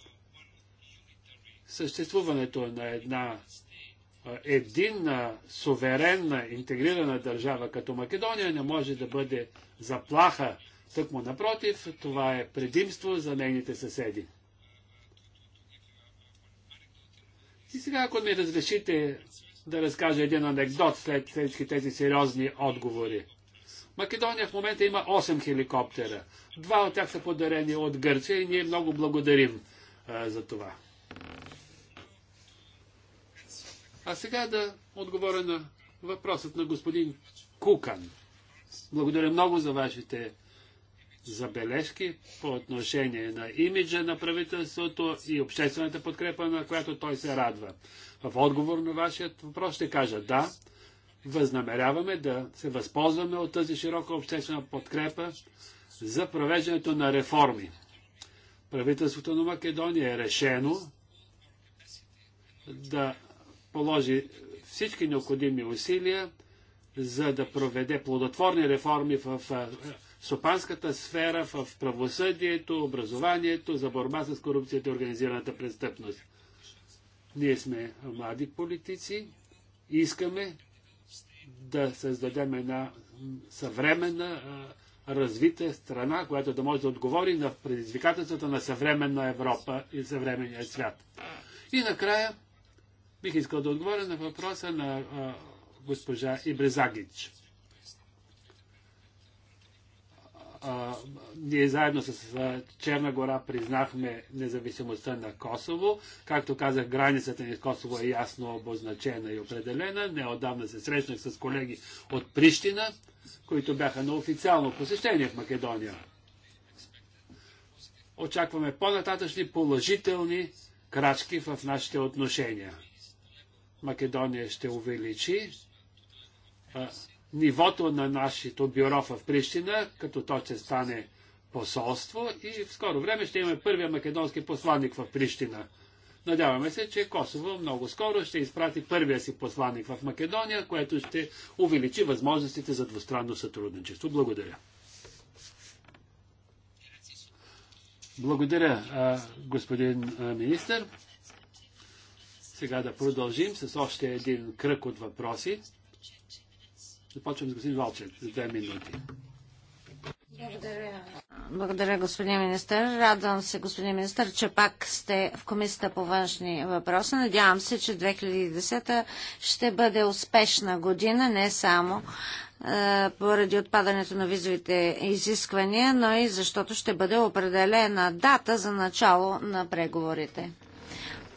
B: Съществуването на една единна, суверенна, интегрирана държава като Македония не може да бъде заплаха. Тъкмо напротив, това е предимство за нейните съседи. И сега, ако ми разрешите да разкажа един анекдот след всички тези сериозни отговори – Македония в момента има 8 хеликоптера. Два от тях са подарени от Гърция и ние много благодарим а, за това. А сега да отговоря на въпросът на господин Кукан. Благодаря много за вашите забележки по отношение на имиджа на правителството и обществената подкрепа, на която той се радва. В отговор на вашият въпрос ще кажа да, възнамеряваме да се възползваме от тази широка обществена подкрепа за провеждането на реформи. Правителството на Македония е решено да положи всички необходими усилия, за да проведе плодотворни реформи в сопанската сфера, в правосъдието, образованието, за борба с корупцията и организираната престъпност. Ние сме млади политици, искаме да създадем една съвременна, развита страна, която да може да отговори на предизвикателствата на съвременна Европа и съвременния свят. И накрая бих искал да отговоря на въпроса на госпожа Ибрезагич. ние заедно с Черна гора признахме независимостта на Косово. Както казах, границата ни с Косово е ясно обозначена и определена. Неодавна се срещнах с колеги от Прищина, които бяха на официално посещение в Македония. Очакваме по-нататъчни положителни крачки в нашите отношения. Македония ще увеличи нивото на нашето бюро в Прищина, като то ще стане посолство и в скоро време ще имаме първия македонски посланник в Прищина. Надяваме се, че Косово много скоро ще изпрати първия си посланник в Македония, което ще увеличи възможностите за двустранно сътрудничество. Благодаря. Благодаря, господин министр. Сега да продължим с още един кръг от въпроси. Започвам с господин Валчев за две минути.
C: Благодаря. Благодаря, господин министър. Радвам се, господин министър, че пак сте в комисията по външни въпроси. Надявам се, че 2010 ще бъде успешна година, не само е, поради отпадането на визовите изисквания, но и защото ще бъде определена дата за начало на преговорите.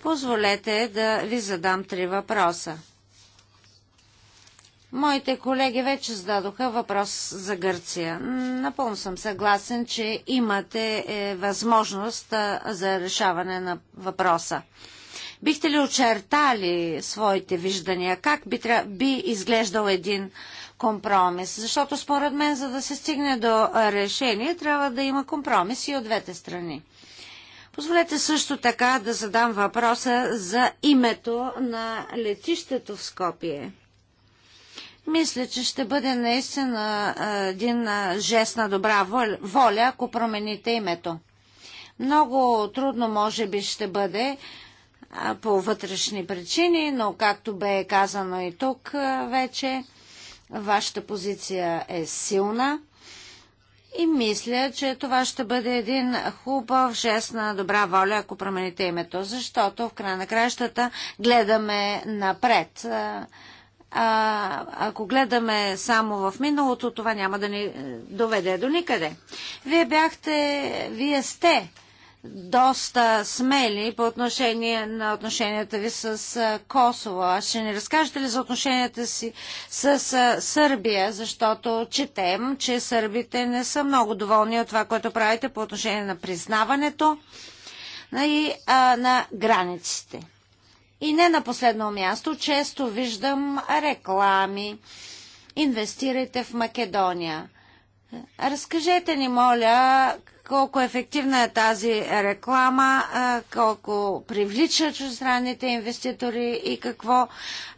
C: Позволете да ви задам три въпроса. Моите колеги вече зададоха въпрос за Гърция. Напълно съм съгласен, че имате е, възможност за решаване на въпроса. Бихте ли очертали своите виждания? Как би, тря... би изглеждал един компромис? Защото според мен, за да се стигне до решение, трябва да има компромис и от двете страни. Позволете също така да задам въпроса за името на летището в Скопие. Мисля, че ще бъде наистина един жест на добра воля, ако промените името. Много трудно може би ще бъде по вътрешни причини, но както бе казано и тук вече, вашата позиция е силна и мисля, че това ще бъде един хубав жест на добра воля, ако промените името, защото в края на кращата гледаме напред а, ако гледаме само в миналото, това няма да ни е, доведе до никъде. Вие бяхте, вие сте доста смели по отношение на отношенията ви с Косово. А ще ни разкажете ли за отношенията си с Сърбия, защото четем, че сърбите не са много доволни от това, което правите по отношение на признаването и а, на границите. И не на последно място, често виждам реклами. Инвестирайте в Македония. Разкажете ни, моля, колко ефективна е тази реклама, колко привлича чуждестранните инвеститори и какво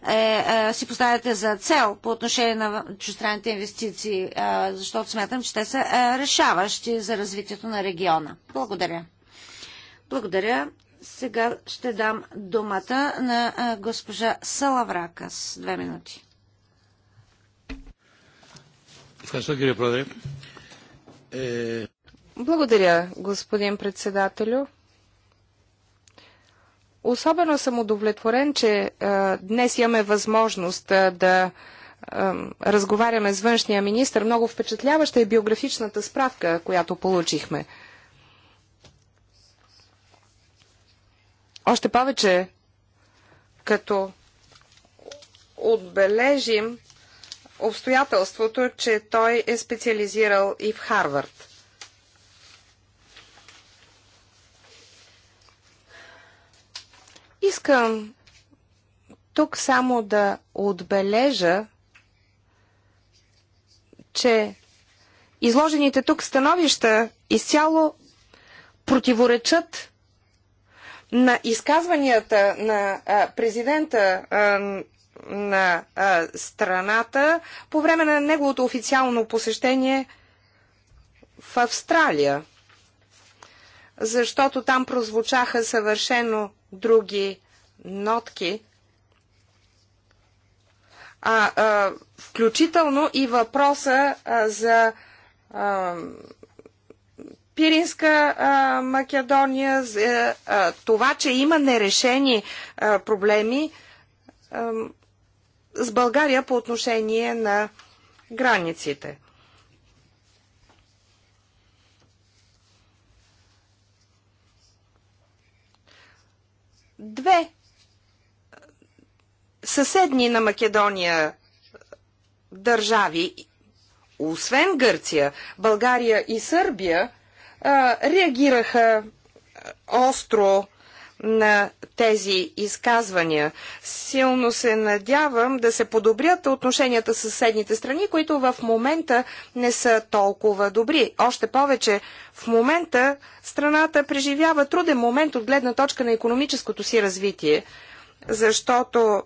C: е, е, си поставяте за цел по отношение на чуждестранните инвестиции, е, защото смятам, че те са решаващи за развитието на региона. Благодаря. Благодаря. Сега ще дам думата на госпожа Салавракас. Две минути.
A: Благодаря, господин председателю. Особено съм удовлетворен, че днес имаме възможност да разговаряме с външния министр. Много впечатляваща е биографичната справка, която получихме. Още повече, като отбележим обстоятелството, че той е специализирал и в Харвард. Искам тук само да отбележа, че изложените тук становища изцяло противоречат на изказванията на президента на страната по време на неговото официално посещение в Австралия, защото там прозвучаха съвършено други нотки, а, а включително и въпроса а, за а, Пиринска а, Македония, за е, а, това, че има нерешени а, проблеми а, с България по отношение на границите. Две съседни на Македония държави, освен Гърция, България и Сърбия, реагираха остро на тези изказвания. Силно се надявам да се подобрят отношенията с съседните страни, които в момента не са толкова добри. Още повече, в момента страната преживява труден момент от гледна точка на економическото си развитие, защото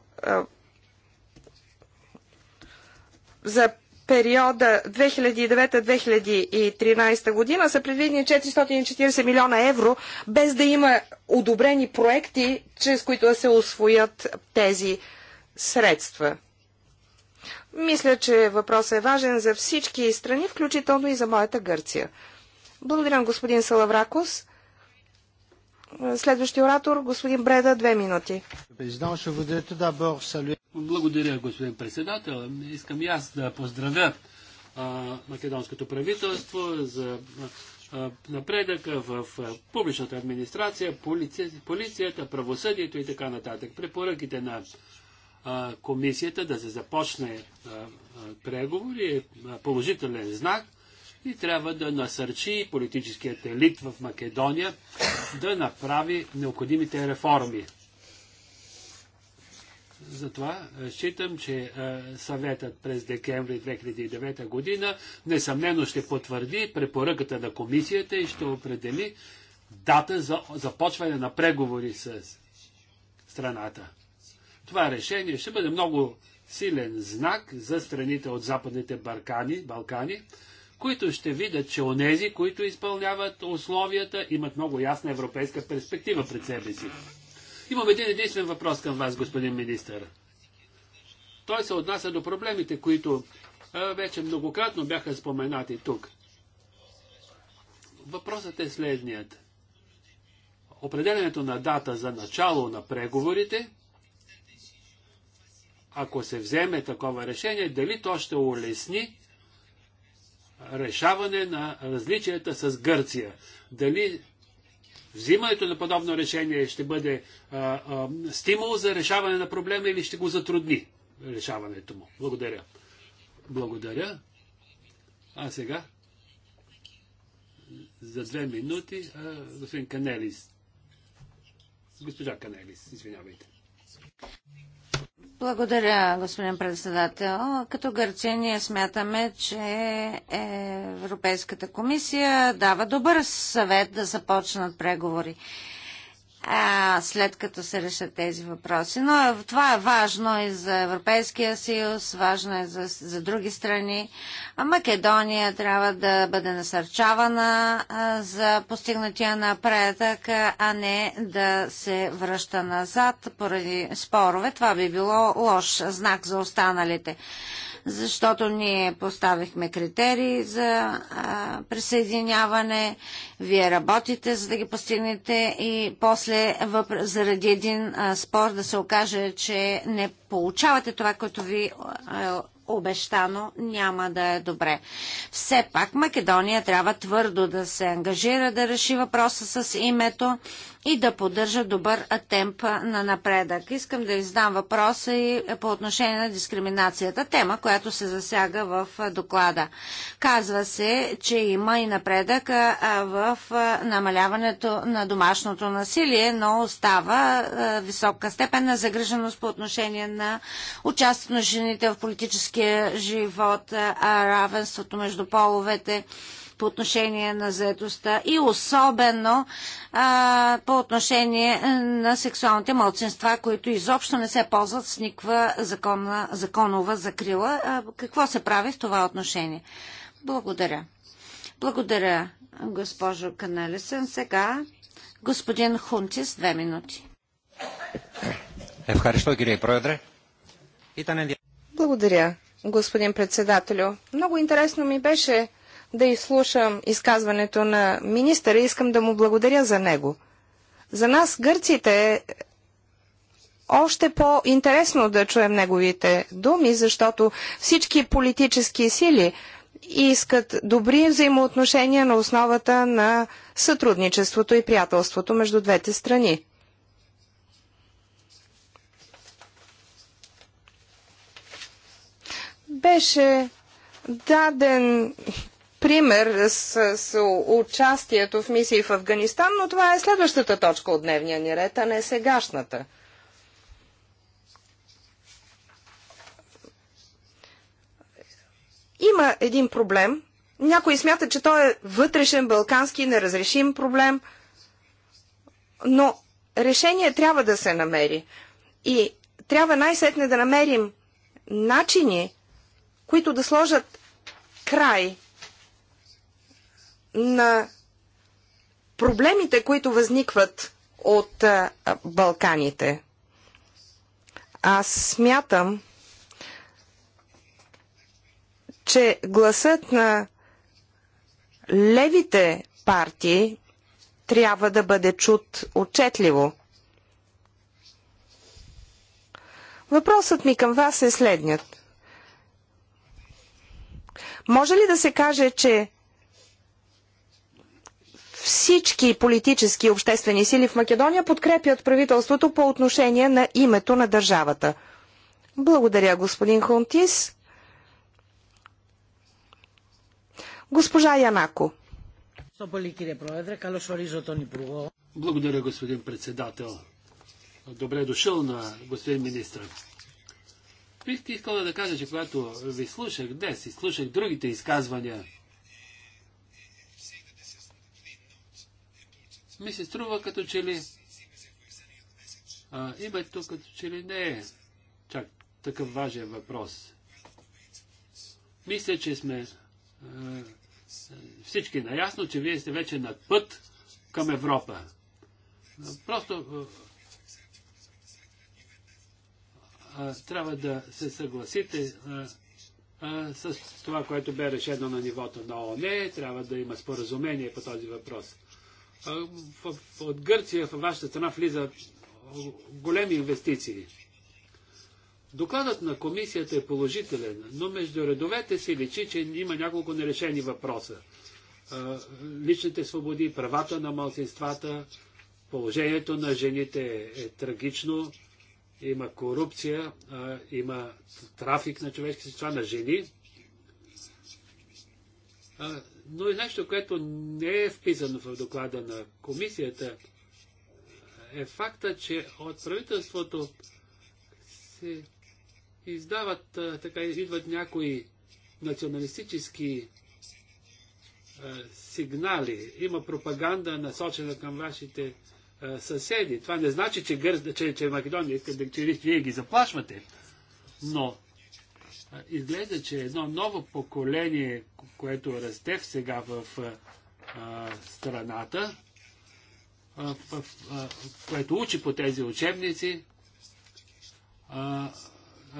A: за периода 2009-2013 година са предвидени 440 милиона евро, без да има одобрени проекти, чрез които да се освоят тези средства. Мисля, че въпросът е важен за всички страни, включително и за моята Гърция. Благодаря, господин Салавракос. Следващия оратор, господин Бреда, две минути.
B: Благодаря, господин председател. Искам и аз да поздравя а, македонското правителство за а, напредъка в а, публичната администрация, полиция, полицията, правосъдието и така нататък. Препоръките на комисията да се започне преговори е положителен знак и трябва да насърчи политическият елит в Македония да направи необходимите реформи. Затова е, считам, че е, съветът през декември 2009 година несъмнено ще потвърди препоръката на комисията и ще определи дата за започване на преговори с страната. Това решение ще бъде много силен знак за страните от Западните Балкани, Балкани които ще видят, че онези, които изпълняват условията, имат много ясна европейска перспектива пред себе си. Имам един единствен въпрос към вас, господин министър. Той се отнася до проблемите, които вече многократно бяха споменати тук. Въпросът е следният. Определенето на дата за начало на преговорите, ако се вземе такова решение, дали то ще улесни решаване на различията с Гърция. Дали взимането на подобно решение ще бъде а, а, стимул за решаване на проблема или ще го затрудни решаването му? Благодаря. Благодаря. А сега? За две минути а, господин Канелис. Госпожа Канелис, извинявайте.
C: Благодаря, господин председател. Като гърче ние смятаме, че Европейската комисия дава добър съвет да започнат преговори а, след като се решат тези въпроси. Но е, това е важно и за Европейския съюз, важно е за, за други страни. А Македония трябва да бъде насърчавана а, за постигнатия напредък, а не да се връща назад поради спорове. Това би било лош знак за останалите защото ние поставихме критерии за а, присъединяване, вие работите за да ги постигнете и после въп... заради един а, спор да се окаже, че не получавате това, което ви а, обещано няма да е добре. Все пак Македония трябва твърдо да се ангажира да реши въпроса с името и да поддържа добър темп на напредък. Искам да ви задам въпроса и по отношение на дискриминацията, тема, която се засяга в доклада. Казва се, че има и напредък в намаляването на домашното насилие, но остава висока степен на загриженост по отношение на участието на жените в политическия живот, равенството между половете, по отношение на заедостта и особено а, по отношение е, на сексуалните младсинства, които изобщо не се ползват с никаква законна, законова закрила. А, какво се прави в това отношение? Благодаря. Благодаря, госпожо Каналисен. Сега господин Хунтис, две минути.
A: Благодаря, господин председателю. Много интересно ми беше да изслушам изказването на министъра и искам да му благодаря за него. За нас, гърците, е още по-интересно да чуем неговите думи, защото всички политически сили искат добри взаимоотношения на основата на сътрудничеството и приятелството между двете страни. Беше даден пример с, с участието в мисии в Афганистан, но това е следващата точка от дневния ни ред, а не сегашната. Има един проблем. Някои смятат, че той е вътрешен, балкански, неразрешим проблем, но решение трябва да се намери. И трябва най-сетне да намерим начини, които да сложат край на проблемите, които възникват от Балканите. Аз смятам, че гласът на левите партии трябва да бъде чут отчетливо. Въпросът ми към вас е следният. Може ли да се каже, че всички политически и обществени сили в Македония подкрепят правителството по отношение на името на държавата. Благодаря, господин Хунтис. Госпожа Янако.
C: Благодаря,
B: господин председател. Добре дошъл на господин министр. Бих искала да кажа, че когато ви слушах днес и слушах другите изказвания, ми се струва като че ли а, името като че ли не е чак такъв важен въпрос. Мисля, че сме а, всички наясно, че вие сте вече на път към Европа. Просто а, трябва да се съгласите а, а, с това, което бе решено на нивото на ОНЕ. Трябва да има споразумение по този въпрос в, от Гърция в вашата страна влиза големи инвестиции. Докладът на комисията е положителен, но между редовете се личи, че има няколко нерешени въпроса. Личните свободи, правата на малцинствата, положението на жените е трагично, има корупция, има трафик на човешки същества, на жени. Но и нещо, което не е вписано в доклада на комисията, е факта, че от правителството се издават, така идват някои националистически сигнали. Има пропаганда насочена към вашите съседи. Това не значи, че, гърз, че, че Македония иска да че вие ги заплашвате. Но Изглежда, че едно ново поколение, което расте сега в а, страната, а, в, а, което учи по тези учебници,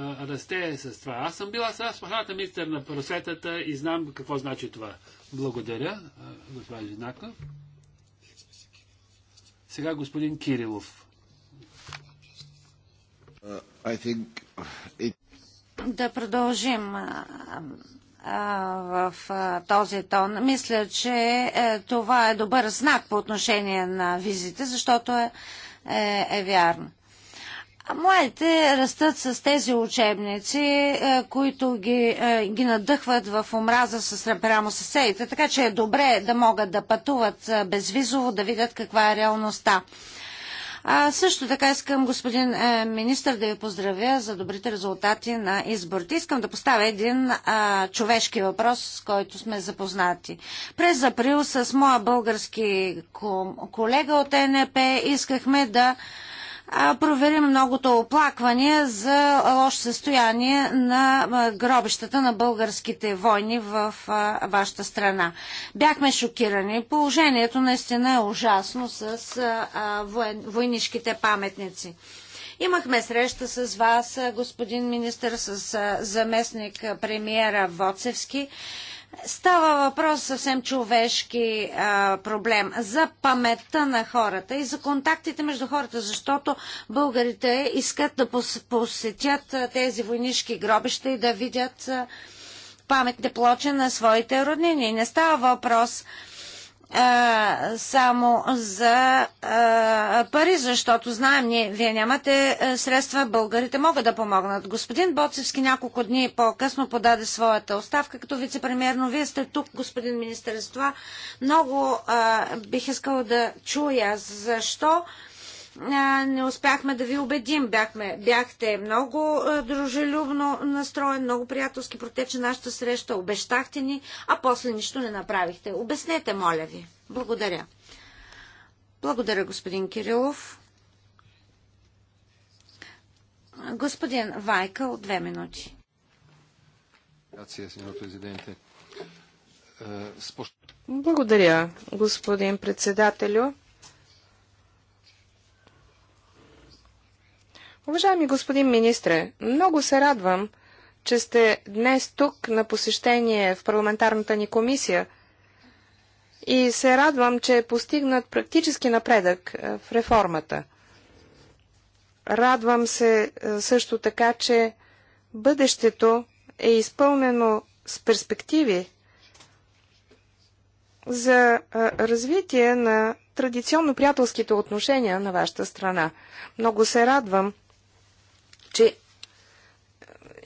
B: расте с това. Аз съм била сега спахната министър на просветата и знам какво значи това. Благодаря, господин Жинака. Сега господин Кирилов. Uh,
C: it да продължим в този тон. Мисля, че е, това е добър знак по отношение на визите, защото е, е, е вярно. Младите растат с тези учебници, е, които ги, е, ги надъхват в омраза с прямо съседите, така че е добре да могат да пътуват безвизово, да видят каква е реалността. А, също така искам, господин е, министр, да ви поздравя за добрите резултати на изборите. Искам да поставя един а, човешки въпрос, с който сме запознати. През април с моя български колега от НП искахме да проверим многото оплаквания за лошо състояние на гробищата на българските войни в вашата страна. Бяхме шокирани. Положението наистина е ужасно с войнишките паметници. Имахме среща с вас, господин министър, с заместник премиера Воцевски. Става въпрос съвсем човешки а, проблем за паметта на хората и за контактите между хората, защото българите искат да посетят тези войнишки гробища и да видят паметните плочи на своите роднини. Не става въпрос а, а, само за а, пари, защото знаем, ние, вие нямате средства, българите могат да помогнат. Господин Боцевски няколко дни по-късно подаде своята оставка като вице-премьер, но вие сте тук, господин министър, за това много а, бих искал да чуя защо не успяхме да ви убедим. Бяхме, бяхте много дружелюбно настроен, много приятелски протече нашата среща, обещахте ни, а после нищо не направихте. Обяснете, моля ви. Благодаря. Благодаря, господин Кирилов. Господин Вайкъл, две минути.
B: Е,
A: Благодаря, господин председателю. Уважаеми господин министре, много се радвам, че сте днес тук на посещение в парламентарната ни комисия и се радвам, че е постигнат практически напредък е, в реформата. Радвам се е, също така, че бъдещето е изпълнено с перспективи за е, развитие на традиционно приятелските отношения на вашата страна. Много се радвам, че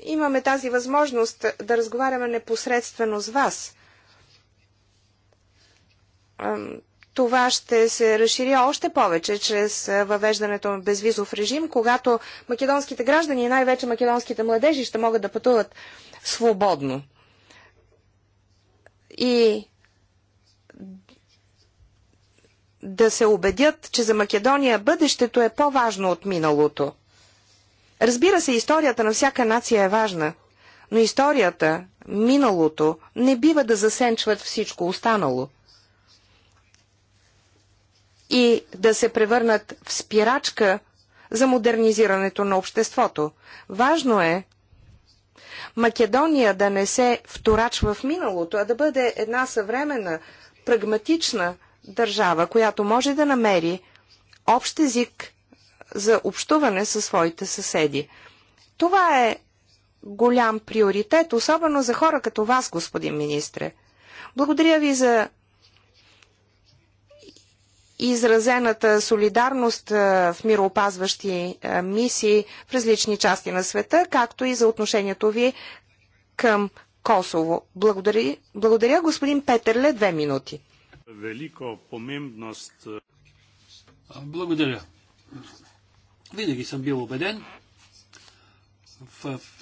A: имаме тази възможност да разговаряме непосредствено с вас. Това ще се разшири още повече чрез въвеждането на безвизов режим, когато македонските граждани и най-вече македонските младежи ще могат да пътуват свободно. И да се убедят, че за Македония бъдещето е по-важно от миналото. Разбира се, историята на всяка нация е важна, но историята, миналото, не бива да засенчват всичко останало и да се превърнат в спирачка за модернизирането на обществото. Важно е Македония да не се вторачва в миналото, а да бъде една съвременна, прагматична държава, която може да намери общ език за общуване със своите съседи. Това е голям приоритет, особено за хора като вас, господин министре. Благодаря ви за изразената солидарност в мироопазващи мисии в различни части на света, както и за отношението ви към Косово. Благодаря, благодаря господин Петърле, две минути.
B: Велико помимност. Благодаря. Винаги съм бил убеден в, в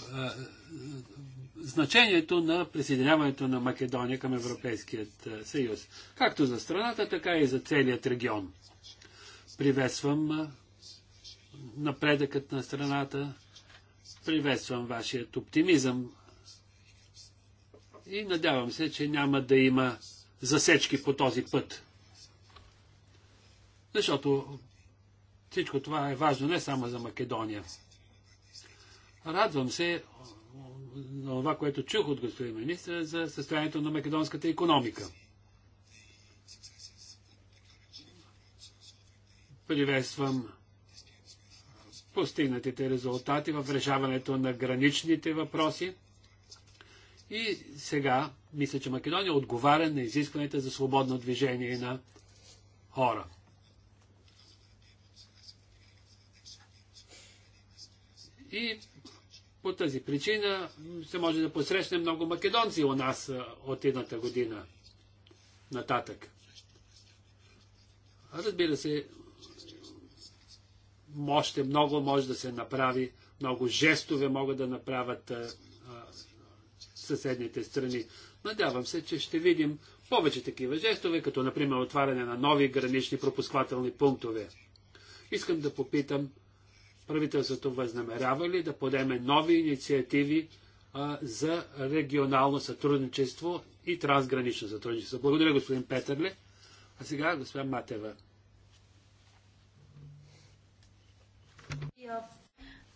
B: в значението на присъединяването на Македония към Европейският съюз. Както за страната, така и за целият регион. Приветствам напредъкът на страната, приветствам вашият оптимизъм и надявам се, че няма да има засечки по този път. Защото всичко това е важно не само за Македония. Радвам се на това, което чух от господин министр за състоянието на македонската економика. Приветствам постигнатите резултати в решаването на граничните въпроси. И сега мисля, че Македония отговаря на изискването за свободно движение на хора. И по тази причина се може да посрещне много македонци у нас от едната година нататък. Разбира се, още много може да се направи, много жестове могат да направят а, съседните страни. Надявам се, че ще видим повече такива жестове, като например отваряне на нови гранични пропусквателни пунктове. Искам да попитам, правителството възнамерява ли да подеме нови инициативи а, за регионално сътрудничество и трансгранично сътрудничество? Благодаря, господин Петърле. А сега, господин Матева.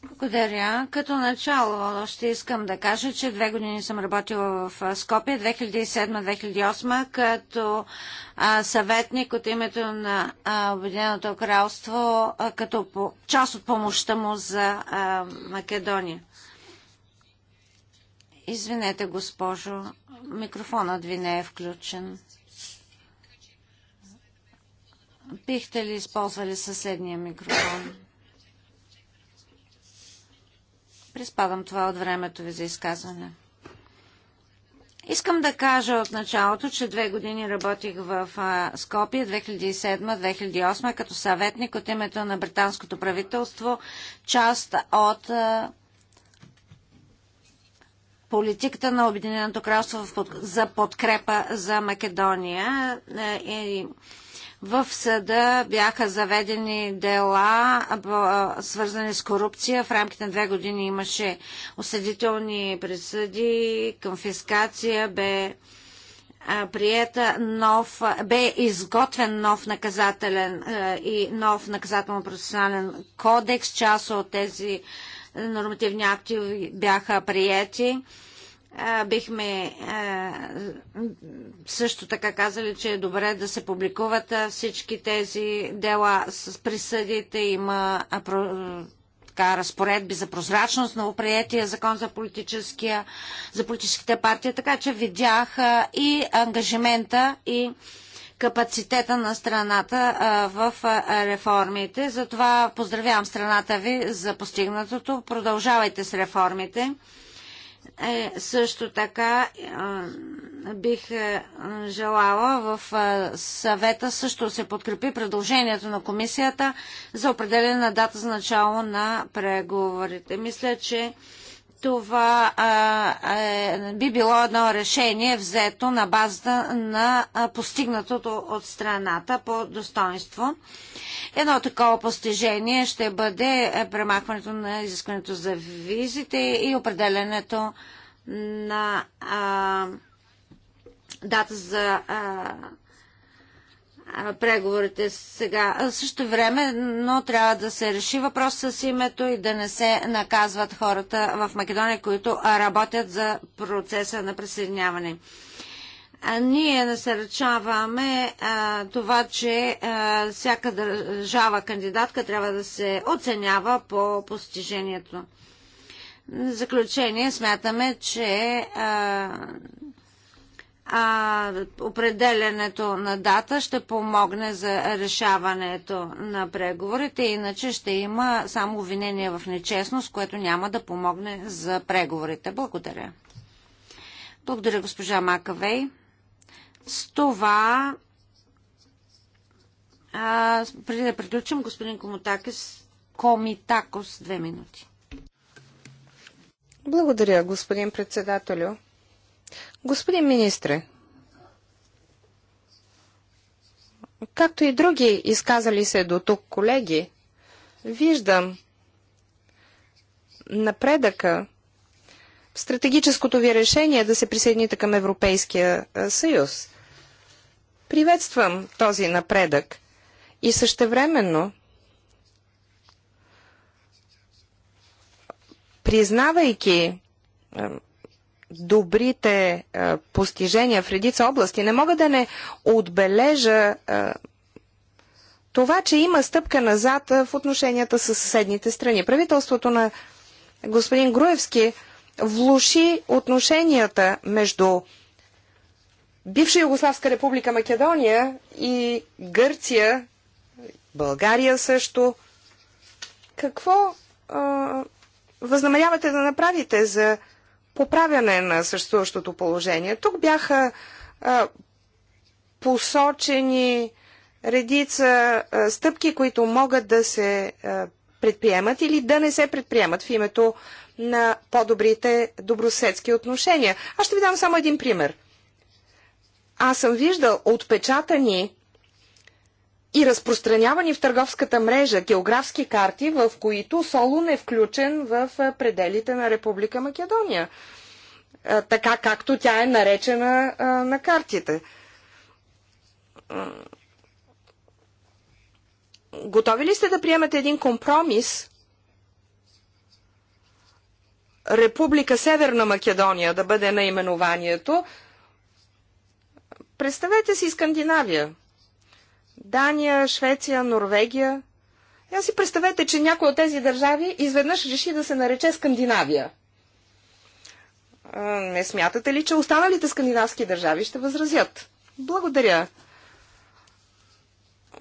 C: Благодаря. Като начало ще искам да кажа, че две години съм работила в Скопия, 2007-2008, като съветник от името на Обединеното кралство, като част от помощта му за Македония. Извинете, госпожо, микрофонът ви не е включен. Бихте ли използвали съседния микрофон? приспадам това от времето ви за изказване. Искам да кажа от началото, че две години работих в Скопия, 2007-2008, като съветник от името на британското правителство, част от политиката на Обединеното кралство за подкрепа за Македония. И в съда бяха заведени дела, свързани с корупция. В рамките на две години имаше осъдителни присъди, конфискация, бе приета нов, бе изготвен нов наказателен и нов наказателно-процесуален кодекс. Част от тези нормативни акти бяха приети бихме също така казали, че е добре да се публикуват всички тези дела с присъдите. Има така, разпоредби за прозрачност, новоприятия закон за, политическия, за политическите партии. Така че видях и ангажимента и капацитета на страната в реформите. Затова поздравявам страната ви за постигнатото. Продължавайте с реформите. Е, също така бих е, желала в е, съвета също се подкрепи предложението на комисията за определена дата за начало на преговорите. Мисля, че това а, а, е, би било едно решение взето на базата на постигнатото от страната по достоинство. Едно такова постижение ще бъде е, премахването на изискването за визите и определенето на а, дата за а, преговорите сега. В също време, но трябва да се реши въпрос с името и да не се наказват хората в Македония, които работят за процеса на присъединяване. А ние насърчаваме а, това, че а, всяка държава кандидатка трябва да се оценява по постижението. В заключение смятаме, че а, а, определенето на дата ще помогне за решаването на преговорите, иначе ще има само обвинение в нечестност, което няма да помогне за преговорите. Благодаря. Благодаря, госпожа Макавей. С това, а, преди да приключим, господин Комотакис, Комитакос, две минути.
A: Благодаря, господин председателю. Господин министре, както и други изказали се до тук колеги, виждам напредъка в стратегическото ви решение да се присъедините към Европейския съюз. Приветствам този напредък и същевременно признавайки добрите е, постижения в редица области, не мога да не отбележа е, това, че има стъпка назад е, в отношенията с съседните страни. Правителството на господин Груевски влуши отношенията между бивша Югославска република Македония и Гърция, България също. Какво е, възнамерявате да направите за поправяне на съществуващото положение. Тук бяха а, посочени редица а, стъпки, които могат да се а, предприемат или да не се предприемат в името на по-добрите добросетски отношения. Аз ще ви дам само един пример. Аз съм виждал отпечатани и разпространявани в търговската мрежа географски карти, в които Солун е включен в пределите на Република Македония, така както тя е наречена на картите. Готови ли сте да приемате един компромис Република Северна Македония да бъде наименованието? Представете си Скандинавия – Дания, Швеция, Норвегия. Я си представете, че някой от тези държави изведнъж реши да се нарече Скандинавия. Не смятате ли, че останалите скандинавски държави ще възразят? Благодаря.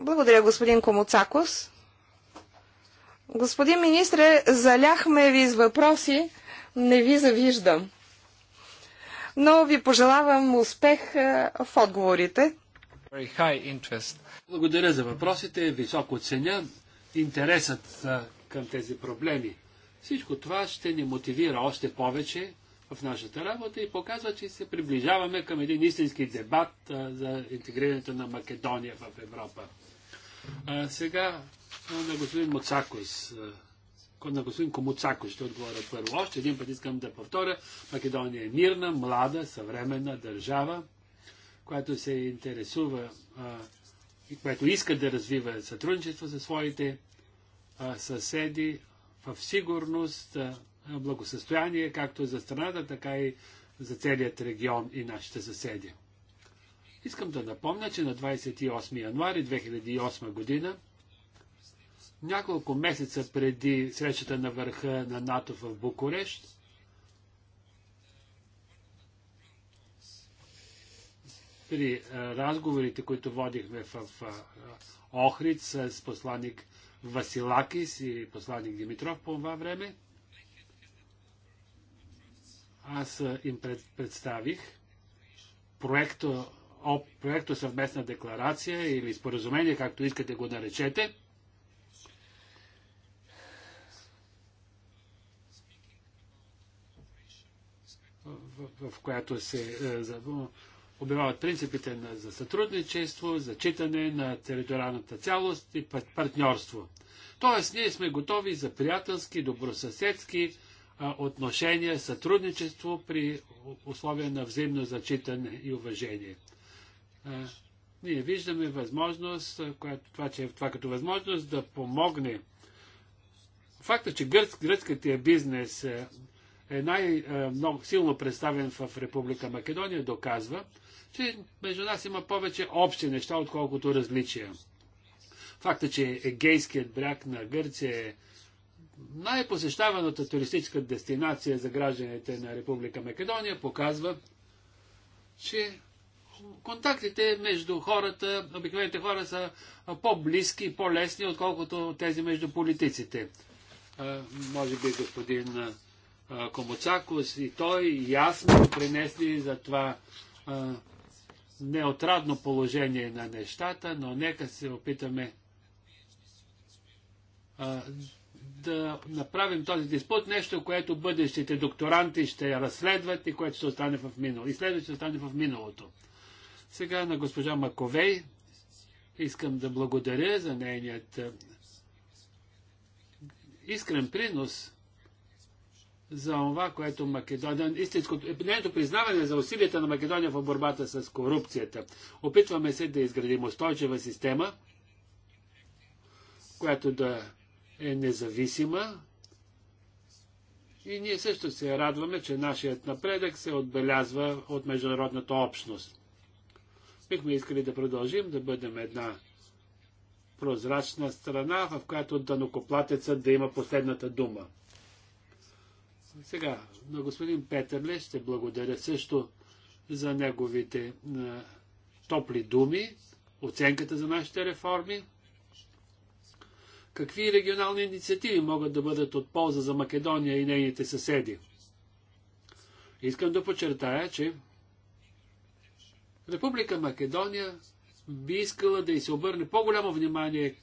A: Благодаря, господин Комоцакос. Господин министре, заляхме ви с въпроси, не ви завиждам. Но ви пожелавам успех в отговорите.
B: Very high interest благодаря за въпросите. Високо ценя интересът към тези проблеми. Всичко това ще ни мотивира още повече в нашата работа и показва, че се приближаваме към един истински дебат за интегрирането на Македония в Европа. А, сега на господин Моцакос, на господин Комуцакос ще отговоря първо. Още един път искам да повторя. Македония е мирна, млада, съвременна държава, която се интересува и което иска да развива сътрудничество със своите а, съседи в сигурност, а, благосъстояние, както за страната, така и за целият регион и нашите съседи. Искам да напомня, че на 28 януари 2008 година, няколко месеца преди срещата на върха на НАТО в Букурещ, при е, разговорите, които водихме в е, Охрид с посланник Василакис и посланник Димитров по това време, аз е, им представих проекто, проекто съвместна декларация или споразумение, както искате го наречете. В, в, в която се е, обявяват принципите на, за сътрудничество, за читане на териториалната цялост и партньорство. Тоест, ние сме готови за приятелски, добросъседски а, отношения, сътрудничество при условия на взаимно зачитане и уважение. А, ние виждаме възможност, която, това, че, това като възможност да помогне. Факта, че гръц, гръцкатия бизнес е най-много силно представен в Република Македония, доказва, че между нас има повече общи неща, отколкото различия. Факта, че егейският бряг на Гърция е най-посещаваната туристическа дестинация за гражданите на Република Македония, показва, че контактите между хората, обикновените хора са по-близки и по-лесни, отколкото тези между политиците. може би господин Комоцакос и той и ясно принесли за това неотрадно положение на нещата, но нека се опитаме а, да направим този диспут нещо, което бъдещите докторанти ще разследват и което ще остане в миналото. И следващо ще остане в миналото. Сега на госпожа Маковей искам да благодаря за нейният искрен принос за това, което Македония, истинското, е, нейното признаване за усилията на Македония в борбата с корупцията. Опитваме се да изградим устойчива система, която да е независима. И ние също се радваме, че нашият напредък се отбелязва от международната общност. Бихме искали да продължим да бъдем една прозрачна страна, в която данокоплатецът да има последната дума. Сега на господин Петърле ще благодаря също за неговите а, топли думи, оценката за нашите реформи. Какви регионални инициативи могат да бъдат от полза за Македония и нейните съседи? Искам да подчертая, че Република Македония би искала да й се обърне по-голямо внимание